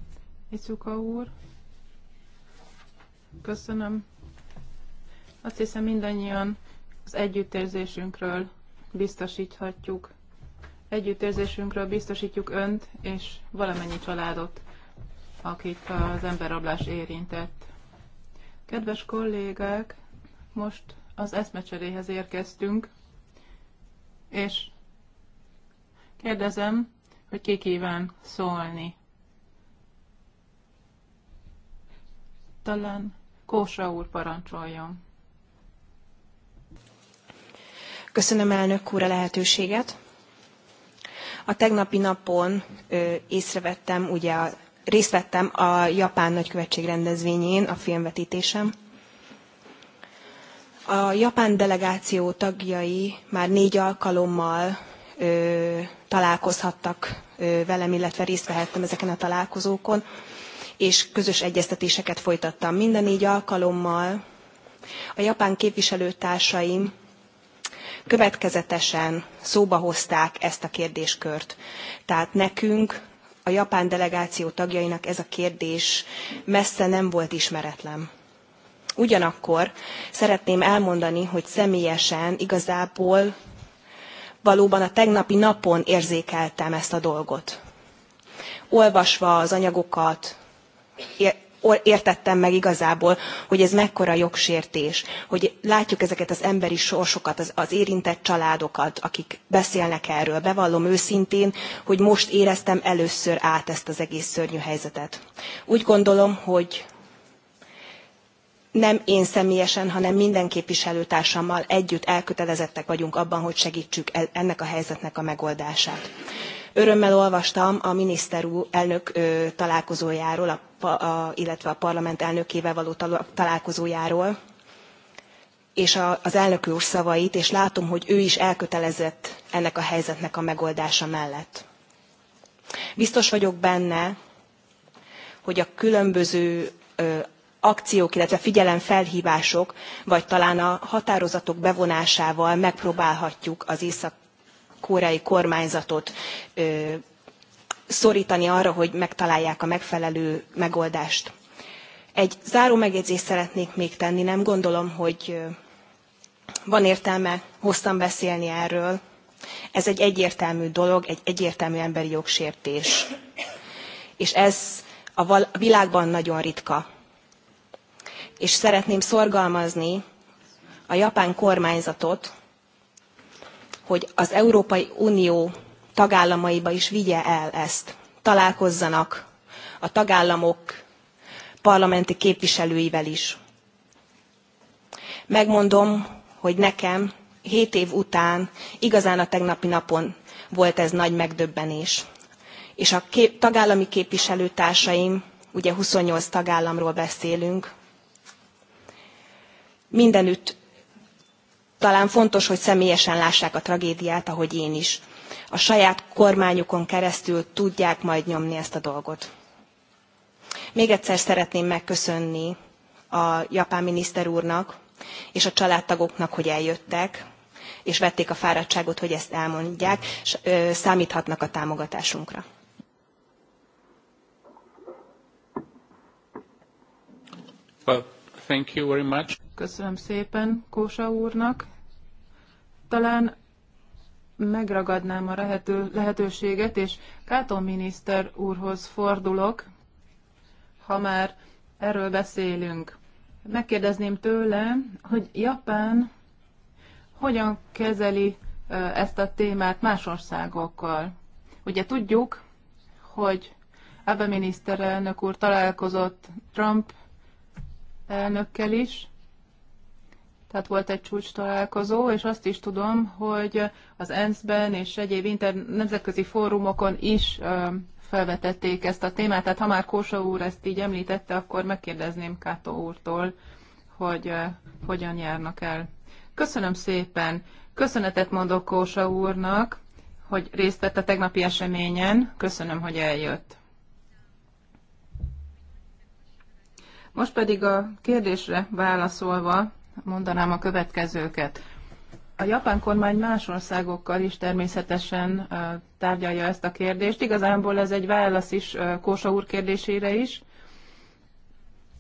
Icuka úr. Köszönöm. Azt hiszem mindannyian az együttérzésünkről biztosíthatjuk. Együttérzésünkről biztosítjuk önt és valamennyi családot akit az emberrablás érintett. Kedves kollégák, most az eszmecseréhez érkeztünk, és kérdezem, hogy ki kíván szólni. Talán Kósa úr parancsoljon. Köszönöm elnök úr a lehetőséget. A tegnapi napon ö, észrevettem ugye a részt vettem a japán nagykövetség rendezvényén, a filmvetítésem. A japán delegáció tagjai már négy alkalommal ö, találkozhattak ö, velem, illetve részt vehettem ezeken a találkozókon, és közös egyeztetéseket folytattam. Mind a négy alkalommal a japán képviselőtársaim következetesen szóba hozták ezt a kérdéskört. Tehát nekünk a japán delegáció tagjainak ez a kérdés messze nem volt ismeretlen. Ugyanakkor szeretném elmondani, hogy személyesen igazából valóban a tegnapi napon érzékeltem ezt a dolgot. Olvasva az anyagokat, értettem meg igazából, hogy ez mekkora jogsértés, hogy látjuk ezeket az emberi sorsokat, az, az érintett családokat, akik beszélnek erről. Bevallom őszintén, hogy most éreztem először át ezt az egész szörnyű helyzetet. Úgy gondolom, hogy nem én személyesen, hanem minden képviselőtársammal együtt elkötelezettek vagyunk abban, hogy segítsük ennek a helyzetnek a megoldását. Örömmel olvastam a miniszter úr elnök találkozójáról, a, a, illetve a parlament elnökével való találkozójáról, és a, az elnök úr szavait, és látom, hogy ő is elkötelezett ennek a helyzetnek a megoldása mellett. Biztos vagyok benne, hogy a különböző ö, akciók, illetve figyelemfelhívások, vagy talán a határozatok bevonásával megpróbálhatjuk az észak koreai kormányzatot szorítani arra, hogy megtalálják a megfelelő megoldást. Egy záró megjegyzést szeretnék még tenni. Nem gondolom, hogy van értelme hosszan beszélni erről. Ez egy egyértelmű dolog, egy egyértelmű emberi jogsértés. És ez a világban nagyon ritka. És szeretném szorgalmazni a japán kormányzatot, hogy az Európai Unió tagállamaiba is vigye el ezt. Találkozzanak a tagállamok parlamenti képviselőivel is. Megmondom, hogy nekem 7 év után igazán a tegnapi napon volt ez nagy megdöbbenés. És a kép, tagállami képviselőtársaim, ugye 28 tagállamról beszélünk, mindenütt talán fontos, hogy személyesen lássák a tragédiát, ahogy én is. A saját kormányukon keresztül tudják majd nyomni ezt a dolgot. Még egyszer szeretném megköszönni a japán miniszter úrnak és a családtagoknak, hogy eljöttek, és vették a fáradtságot, hogy ezt elmondják, és számíthatnak a támogatásunkra. Well, thank you very much. Köszönöm szépen Kósa úrnak talán megragadnám a lehető, lehetőséget, és Kátó miniszter úrhoz fordulok, ha már erről beszélünk. Megkérdezném tőle, hogy Japán hogyan kezeli ezt a témát más országokkal. Ugye tudjuk, hogy Abe miniszterelnök úr találkozott Trump elnökkel is, tehát volt egy csúcs találkozó, és azt is tudom, hogy az ENSZ-ben és egyéb inter- nemzetközi fórumokon is felvetették ezt a témát, tehát ha már Kósa úr ezt így említette, akkor megkérdezném Kátó úrtól, hogy hogyan járnak el. Köszönöm szépen! Köszönetet mondok Kósa úrnak, hogy részt vett a tegnapi eseményen. Köszönöm, hogy eljött. Most pedig a kérdésre válaszolva, mondanám a következőket. A japán kormány más országokkal is természetesen tárgyalja ezt a kérdést. Igazából ez egy válasz is Kósa úr kérdésére is.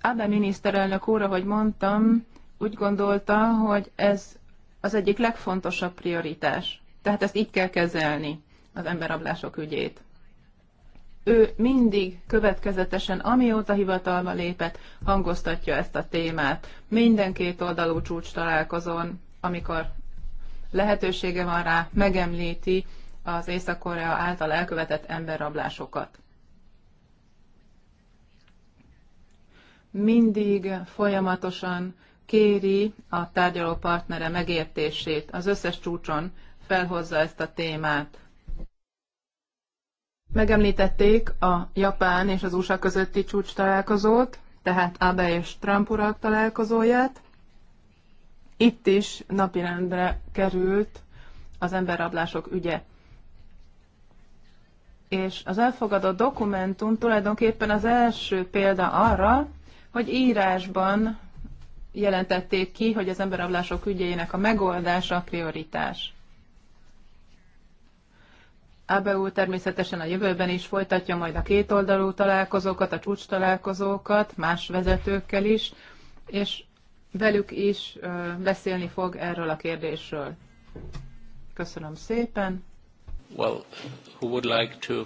Ábe miniszterelnök úr, ahogy mondtam, úgy gondolta, hogy ez az egyik legfontosabb prioritás. Tehát ezt így kell kezelni, az emberablások ügyét ő mindig következetesen, amióta hivatalba lépett, hangoztatja ezt a témát. Minden két oldalú csúcs találkozón, amikor lehetősége van rá, megemlíti az Észak-Korea által elkövetett emberrablásokat. Mindig folyamatosan kéri a tárgyaló partnere megértését, az összes csúcson felhozza ezt a témát Megemlítették a Japán és az USA közötti csúcs találkozót, tehát Abe és Trump urak találkozóját. Itt is napirendre került az emberrablások ügye. És az elfogadott dokumentum tulajdonképpen az első példa arra, hogy írásban jelentették ki, hogy az emberrablások ügyeinek a megoldása a prioritás. ABU természetesen a jövőben is folytatja majd a kétoldalú találkozókat, a csúcs találkozókat, más vezetőkkel is, és velük is beszélni fog erről a kérdésről. Köszönöm szépen. Well, who would like to,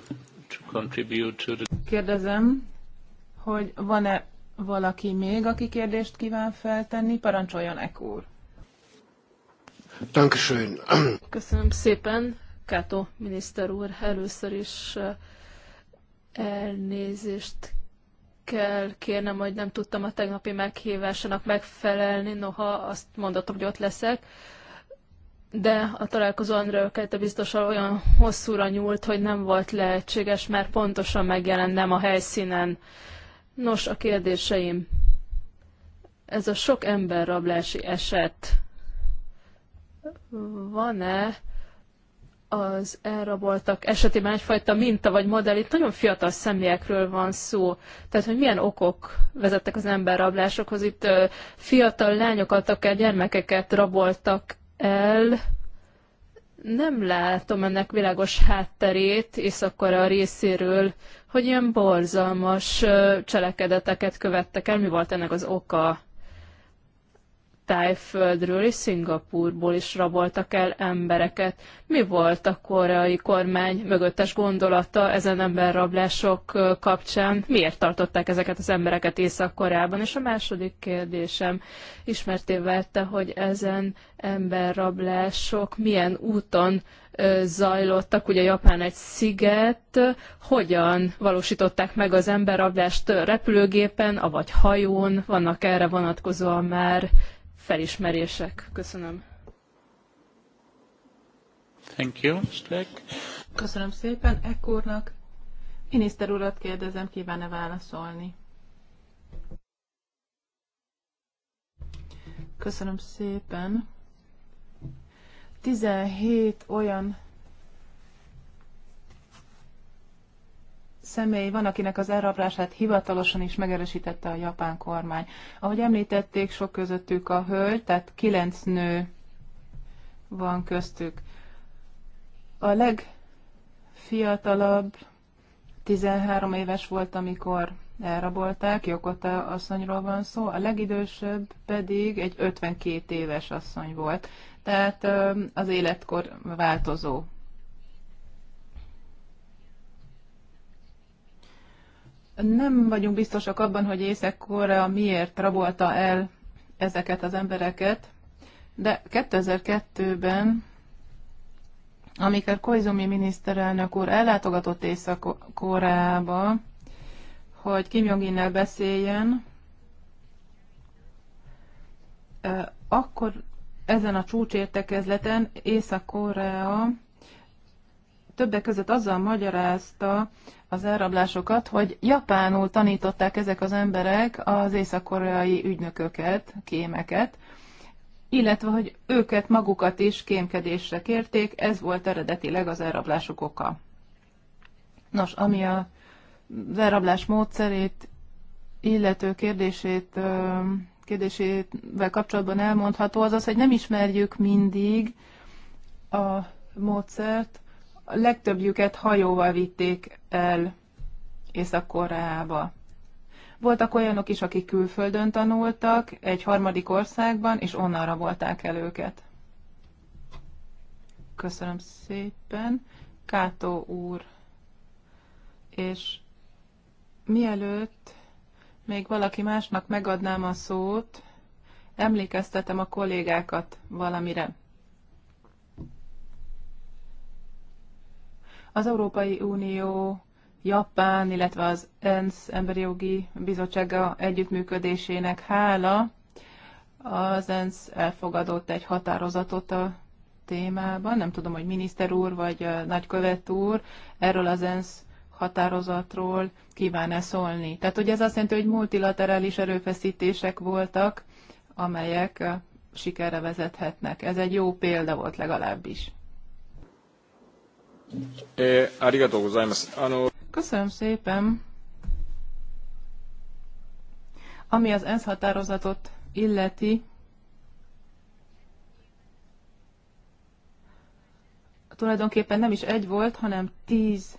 to contribute to the... Kérdezem, hogy van-e valaki még, aki kérdést kíván feltenni? Parancsoljon Ekúr. úr. Köszönöm szépen. Kato miniszter úr, először is elnézést kell kérnem, hogy nem tudtam a tegnapi meghívásának megfelelni, noha azt mondottam, hogy ott leszek. De a találkozó Andrea Kelte biztosan olyan hosszúra nyúlt, hogy nem volt lehetséges, mert pontosan megjelentem a helyszínen. Nos, a kérdéseim. Ez a sok emberrablási eset van-e az elraboltak esetében egyfajta minta vagy modell, itt nagyon fiatal személyekről van szó. Tehát, hogy milyen okok vezettek az emberrablásokhoz. Itt fiatal lányokat, akár gyermekeket raboltak el. Nem látom ennek világos hátterét Észak-Korea részéről, hogy ilyen borzalmas cselekedeteket követtek el. Mi volt ennek az oka? Tájföldről és Szingapúrból is raboltak el embereket. Mi volt a koreai kormány mögöttes gondolata ezen emberrablások kapcsán? Miért tartották ezeket az embereket Észak-Koreában? És a második kérdésem ismerté vette, hogy ezen emberrablások milyen úton zajlottak, ugye Japán egy sziget, hogyan valósították meg az emberrablást repülőgépen, avagy hajón, vannak erre vonatkozóan már felismerések. Köszönöm. Thank you, Strek. Köszönöm szépen Ekkornak. Miniszter urat kérdezem, kíván-e válaszolni? Köszönöm szépen. 17 olyan személy van, akinek az elrablását hivatalosan is megerősítette a japán kormány. Ahogy említették, sok közöttük a hölgy, tehát kilenc nő van köztük. A legfiatalabb 13 éves volt, amikor elrabolták, Jokota asszonyról van szó, a legidősebb pedig egy 52 éves asszony volt. Tehát az életkor változó Nem vagyunk biztosak abban, hogy Észak-Korea miért rabolta el ezeket az embereket, de 2002-ben, amikor Koizumi miniszterelnök úr ellátogatott Észak-Koreába, hogy Kim jong beszéljen, akkor ezen a csúcsértekezleten Észak-Korea többek között azzal magyarázta az elrablásokat, hogy japánul tanították ezek az emberek az észak-koreai ügynököket, kémeket, illetve hogy őket magukat is kémkedésre kérték, ez volt eredetileg az elrablások oka. Nos, ami a elrablás módszerét, illető kérdését, kérdésével kapcsolatban elmondható, az az, hogy nem ismerjük mindig a módszert, a legtöbbjüket hajóval vitték el Észak-Koreába. Voltak olyanok is, akik külföldön tanultak, egy harmadik országban, és onnan rabolták el őket. Köszönöm szépen. Kátó úr. És mielőtt még valaki másnak megadnám a szót, emlékeztetem a kollégákat valamire. Az Európai Unió, Japán, illetve az ENSZ Emberi Jogi Bizottsága együttműködésének hála az ENSZ elfogadott egy határozatot a témában. Nem tudom, hogy miniszter úr vagy nagykövet úr erről az ENSZ határozatról kíván-e szólni. Tehát ugye ez azt jelenti, hogy multilaterális erőfeszítések voltak, amelyek sikerre vezethetnek. Ez egy jó példa volt legalábbis. Eh, Köszönöm szépen. Ami az ENSZ határozatot illeti, tulajdonképpen nem is egy volt, hanem tíz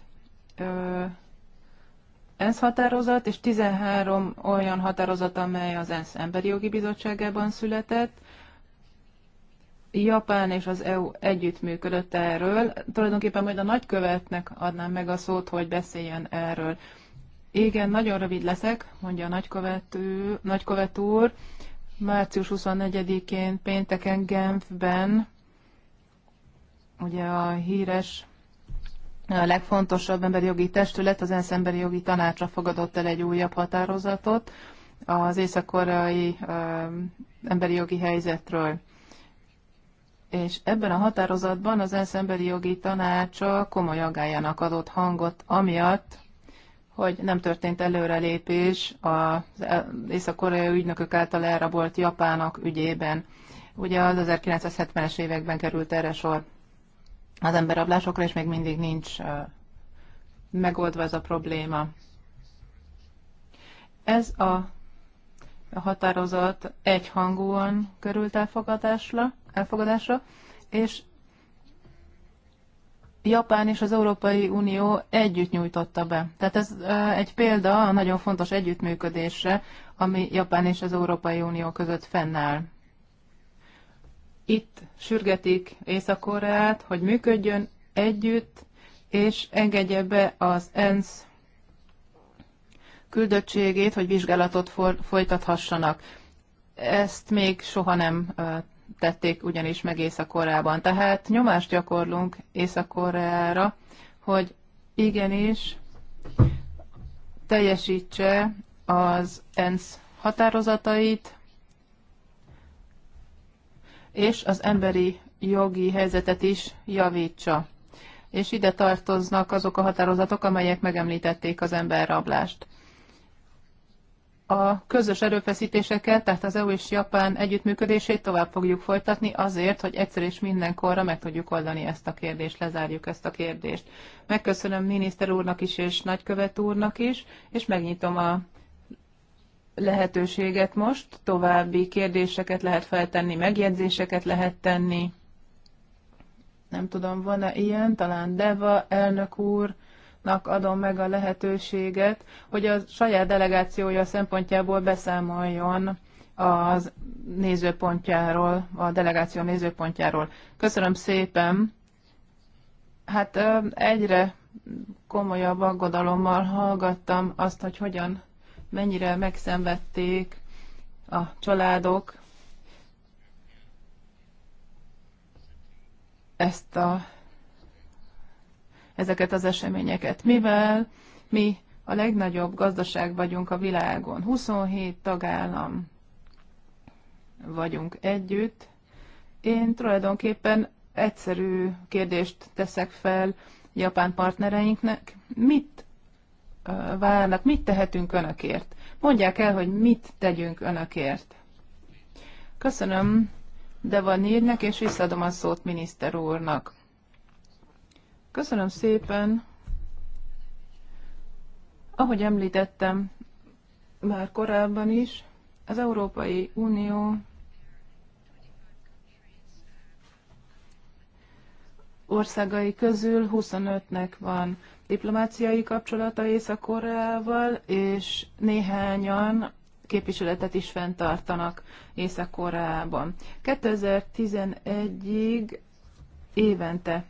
ö, ENSZ határozat, és 13 olyan határozat, amely az ENSZ Emberi Jogi Bizottságában született, Japán és az EU együttműködött erről. Tulajdonképpen majd a nagykövetnek adnám meg a szót, hogy beszéljen erről. Igen, nagyon rövid leszek, mondja a nagykövető, nagykövet úr. Március 24-én pénteken Genfben, ugye a híres a legfontosabb emberi jogi testület, az ENSZ emberi jogi tanácsa fogadott el egy újabb határozatot az észak-koreai emberi jogi helyzetről és ebben a határozatban az ENSZ emberi jogi tanácsa komoly aggájának adott hangot, amiatt, hogy nem történt előrelépés az észak-koreai ügynökök által elrabolt japánok ügyében. Ugye az 1970-es években került erre sor az emberablásokra, és még mindig nincs megoldva ez a probléma. Ez a határozat egyhangúan került elfogadásra, elfogadásra, és Japán és az Európai Unió együtt nyújtotta be. Tehát ez egy példa a nagyon fontos együttműködésre, ami Japán és az Európai Unió között fennáll. Itt sürgetik Észak-Koreát, hogy működjön együtt, és engedje be az ENSZ küldöttségét, hogy vizsgálatot for, folytathassanak. Ezt még soha nem tették ugyanis meg Észak-Koreában. Tehát nyomást gyakorlunk Észak-Koreára, hogy igenis teljesítse az ENSZ határozatait, és az emberi jogi helyzetet is javítsa. És ide tartoznak azok a határozatok, amelyek megemlítették az emberrablást a közös erőfeszítéseket, tehát az EU és Japán együttműködését tovább fogjuk folytatni azért, hogy egyszer és mindenkorra meg tudjuk oldani ezt a kérdést, lezárjuk ezt a kérdést. Megköszönöm miniszter úrnak is és nagykövet úrnak is, és megnyitom a lehetőséget most. További kérdéseket lehet feltenni, megjegyzéseket lehet tenni. Nem tudom, van-e ilyen, talán Deva, elnök úr, Tannocknak adom meg a lehetőséget, hogy a saját delegációja szempontjából beszámoljon az nézőpontjáról, a delegáció nézőpontjáról. Köszönöm szépen. Hát egyre komolyabb aggodalommal hallgattam azt, hogy hogyan, mennyire megszenvedték a családok ezt a ezeket az eseményeket, mivel mi a legnagyobb gazdaság vagyunk a világon. 27 tagállam vagyunk együtt. Én tulajdonképpen egyszerű kérdést teszek fel japán partnereinknek. Mit várnak, mit tehetünk önökért? Mondják el, hogy mit tegyünk önökért. Köszönöm Devanírnek, és visszadom a szót miniszter úrnak. Köszönöm szépen. Ahogy említettem már korábban is, az Európai Unió országai közül 25-nek van diplomáciai kapcsolata Észak-Koreával, és néhányan képviseletet is fenntartanak Észak-Koreában. 2011-ig évente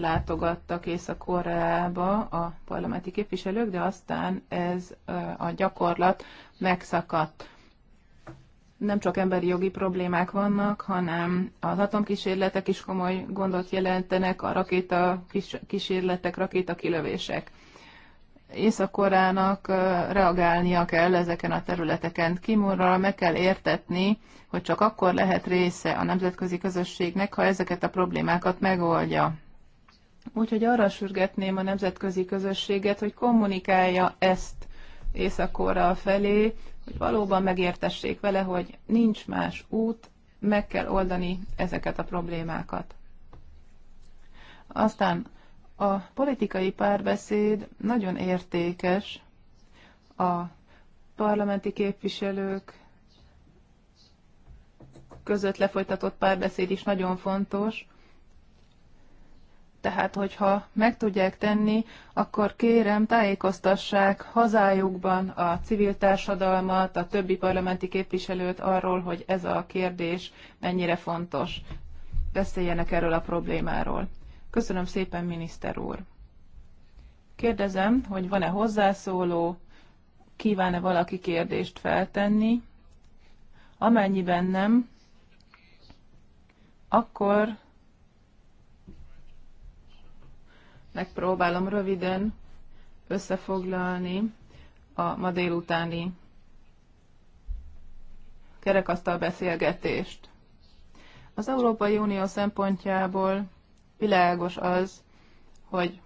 látogattak Észak-Koreába a parlamenti képviselők, de aztán ez a gyakorlat megszakadt. Nem csak emberi jogi problémák vannak, hanem az atomkísérletek is komoly gondot jelentenek, a rakéta kísérletek, rakéta kilövések Észak-Koreának reagálnia kell ezeken a területeken. Kimurral meg kell értetni, hogy csak akkor lehet része a nemzetközi közösségnek, ha ezeket a problémákat megoldja. Úgyhogy arra sürgetném a nemzetközi közösséget, hogy kommunikálja ezt észak felé, hogy valóban megértessék vele, hogy nincs más út, meg kell oldani ezeket a problémákat. Aztán a politikai párbeszéd nagyon értékes a parlamenti képviselők között lefolytatott párbeszéd is nagyon fontos, tehát, hogyha meg tudják tenni, akkor kérem, tájékoztassák hazájukban a civil társadalmat, a többi parlamenti képviselőt arról, hogy ez a kérdés mennyire fontos. Beszéljenek erről a problémáról. Köszönöm szépen, miniszter úr. Kérdezem, hogy van-e hozzászóló, kíván-e valaki kérdést feltenni. Amennyiben nem, akkor megpróbálom röviden összefoglalni a ma délutáni kerekasztal beszélgetést. Az Európai Unió szempontjából világos az, hogy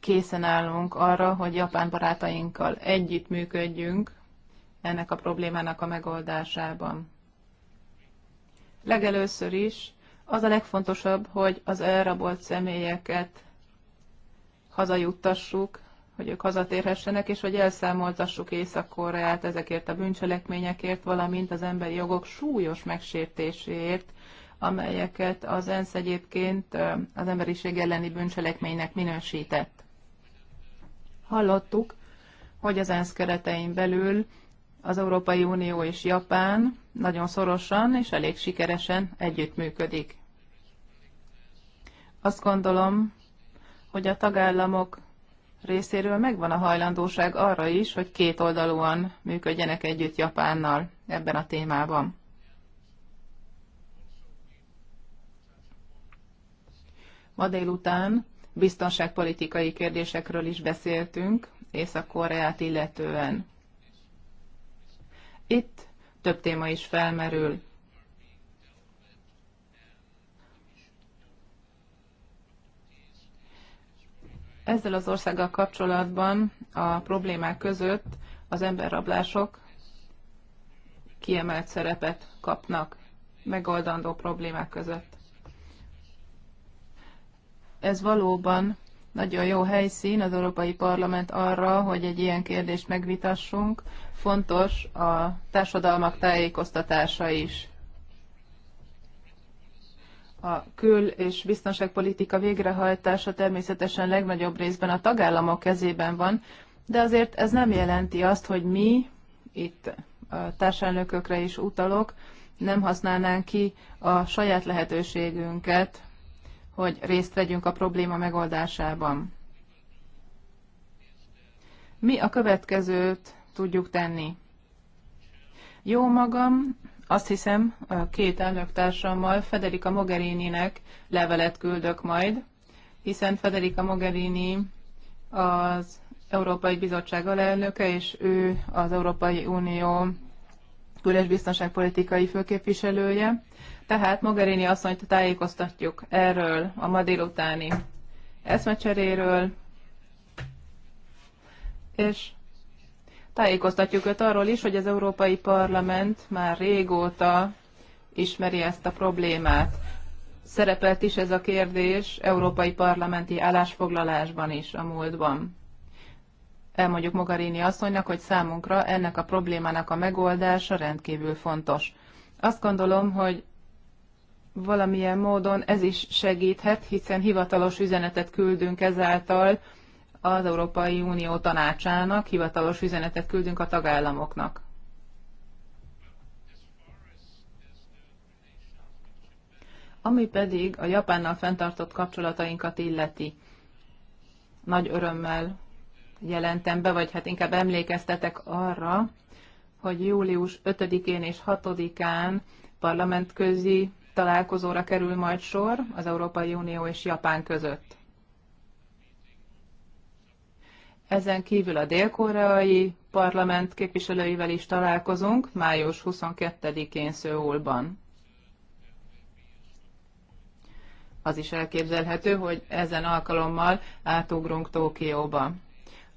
készen állunk arra, hogy japán barátainkkal együtt működjünk ennek a problémának a megoldásában. Legelőször is az a legfontosabb, hogy az elrabolt személyeket hazajuttassuk, hogy ők hazatérhessenek, és hogy elszámoltassuk Észak-Koreát ezekért a bűncselekményekért, valamint az emberi jogok súlyos megsértéséért, amelyeket az ENSZ egyébként az emberiség elleni bűncselekménynek minősített. Hallottuk, hogy az ENSZ keretein belül az Európai Unió és Japán nagyon szorosan és elég sikeresen együttműködik. Azt gondolom, hogy a tagállamok részéről megvan a hajlandóság arra is, hogy kétoldalúan működjenek együtt Japánnal ebben a témában. Ma délután biztonságpolitikai kérdésekről is beszéltünk, Észak-Koreát illetően. Itt több téma is felmerül. Ezzel az országgal kapcsolatban a problémák között az emberrablások kiemelt szerepet kapnak megoldandó problémák között. Ez valóban nagyon jó helyszín az Európai Parlament arra, hogy egy ilyen kérdést megvitassunk. Fontos a társadalmak tájékoztatása is. A kül- és biztonságpolitika végrehajtása természetesen legnagyobb részben a tagállamok kezében van, de azért ez nem jelenti azt, hogy mi, itt a társelnökökre is utalok, nem használnánk ki a saját lehetőségünket, hogy részt vegyünk a probléma megoldásában. Mi a következőt tudjuk tenni? Jó magam, azt hiszem, a két elnöktársammal Federica nek levelet küldök majd, hiszen Federica Mogherini az Európai Bizottság alelnöke, és ő az Európai Unió kül- biztonságpolitikai főképviselője. Tehát Mogherini asszonyt tájékoztatjuk erről a ma délutáni eszmecseréről, és Tájékoztatjuk őt arról is, hogy az Európai Parlament már régóta ismeri ezt a problémát. Szerepelt is ez a kérdés Európai Parlamenti állásfoglalásban is a múltban. Elmondjuk Mogarini asszonynak, hogy számunkra ennek a problémának a megoldása rendkívül fontos. Azt gondolom, hogy valamilyen módon ez is segíthet, hiszen hivatalos üzenetet küldünk ezáltal az Európai Unió tanácsának hivatalos üzenetet küldünk a tagállamoknak. Ami pedig a Japánnal fenntartott kapcsolatainkat illeti, nagy örömmel jelentem be, vagy hát inkább emlékeztetek arra, hogy július 5-én és 6-án parlamentközi találkozóra kerül majd sor az Európai Unió és Japán között. Ezen kívül a dél-koreai parlament képviselőivel is találkozunk május 22-én Szőulban. Az is elképzelhető, hogy ezen alkalommal átugrunk Tókióba.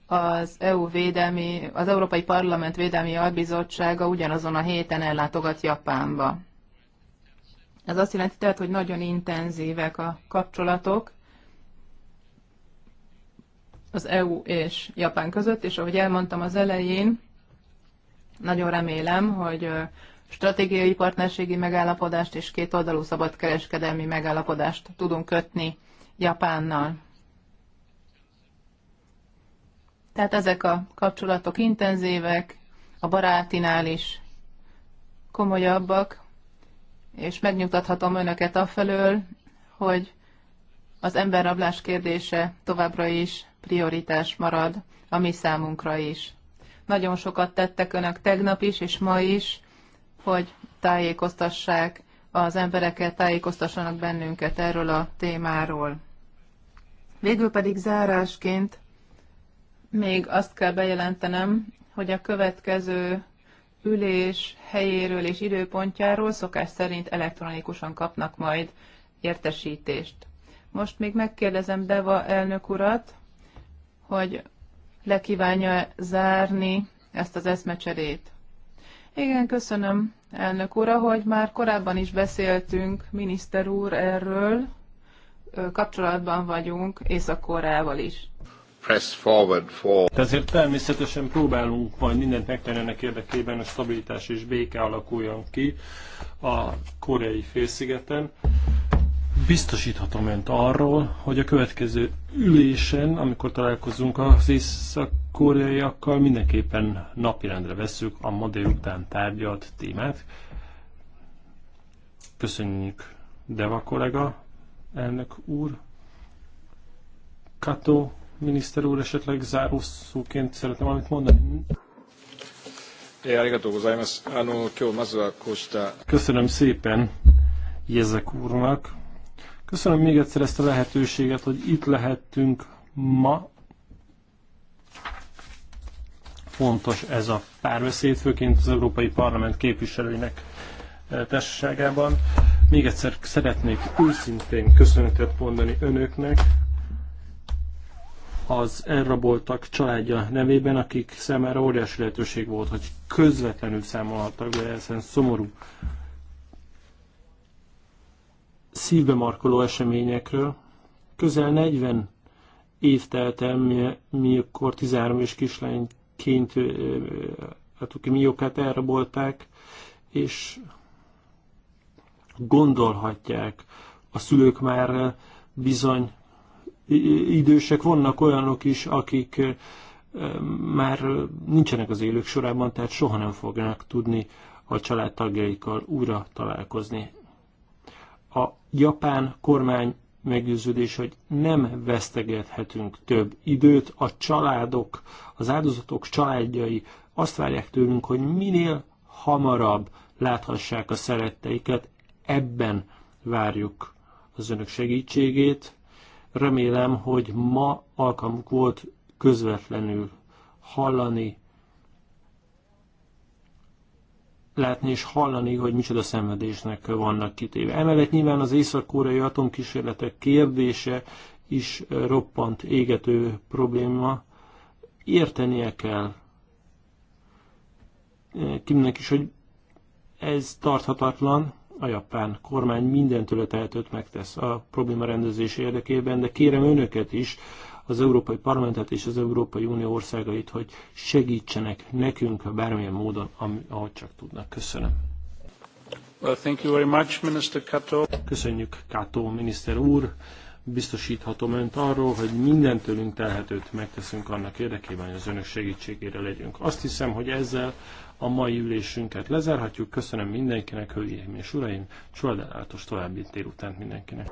Az, EU védelmi, az Európai Parlament Védelmi Albizottsága ugyanazon a héten ellátogat Japánba. Ez azt jelenti tehát, hogy nagyon intenzívek a kapcsolatok, az EU és Japán között, és ahogy elmondtam az elején, nagyon remélem, hogy stratégiai partnerségi megállapodást és kétoldalú szabadkereskedelmi megállapodást tudunk kötni Japánnal. Tehát ezek a kapcsolatok intenzívek, a barátinál is komolyabbak, és megnyugtathatom önöket afelől, hogy az emberrablás kérdése továbbra is prioritás marad a mi számunkra is. Nagyon sokat tettek önök tegnap is és ma is, hogy tájékoztassák az embereket, tájékoztassanak bennünket erről a témáról. Végül pedig zárásként még azt kell bejelentenem, hogy a következő ülés helyéről és időpontjáról szokás szerint elektronikusan kapnak majd értesítést. Most még megkérdezem Deva elnök urat, hogy lekívánja zárni ezt az eszmecserét. Igen, köszönöm, elnök ura, hogy már korábban is beszéltünk, miniszter úr, erről. Kapcsolatban vagyunk Észak-Koreával is. Press forward for... ezért természetesen próbálunk majd mindent megtenni ennek érdekében, a stabilitás és béke alakuljon ki a koreai félszigeten. Biztosíthatom önt arról, hogy a következő ülésen, amikor találkozunk az észak-koreaiakkal, mindenképpen napirendre vesszük a ma délután tárgyalt témát. Köszönjük Deva kollega, elnök úr. Kato miniszter úr esetleg záró szóként szeretne valamit mondani? Köszönöm szépen Jezek úrnak. Köszönöm még egyszer ezt a lehetőséget, hogy itt lehettünk ma. Fontos ez a párbeszéd, főként az Európai Parlament képviselőinek eh, társaságában. Még egyszer szeretnék őszintén köszönetet mondani önöknek, az elraboltak családja nevében, akik számára óriási lehetőség volt, hogy közvetlenül számolhattak be ezen szomorú szívbemarkoló eseményekről. Közel 40 év telt el, mikor 13 és kislányként Tuki Miókát elrabolták, és gondolhatják, a szülők már bizony idősek, vannak olyanok is, akik már nincsenek az élők sorában, tehát soha nem fognak tudni a családtagjaikkal újra találkozni. A japán kormány meggyőződés, hogy nem vesztegethetünk több időt, a családok, az áldozatok családjai azt várják tőlünk, hogy minél hamarabb láthassák a szeretteiket, ebben várjuk az önök segítségét. Remélem, hogy ma alkalmuk volt közvetlenül hallani látni és hallani, hogy micsoda szenvedésnek vannak kitéve. Emellett nyilván az észak-koreai atomkísérletek kérdése is roppant égető probléma. Értenie kell eh, Kimnek is, hogy ez tarthatatlan, a japán kormány mindentől a tehetőt megtesz a probléma rendezés érdekében, de kérem önöket is, az Európai Parlamentet és az Európai Unió országait, hogy segítsenek nekünk bármilyen módon, ahogy csak tudnak. Köszönöm. Well, thank you very much, Minister Kato. Köszönjük, Kato miniszter úr. Biztosíthatom önt arról, hogy minden tőlünk telhetőt megteszünk annak érdekében, hogy az önök segítségére legyünk. Azt hiszem, hogy ezzel a mai ülésünket lezárhatjuk. Köszönöm mindenkinek, hölgyeim és uraim, csodálatos további délután mindenkinek.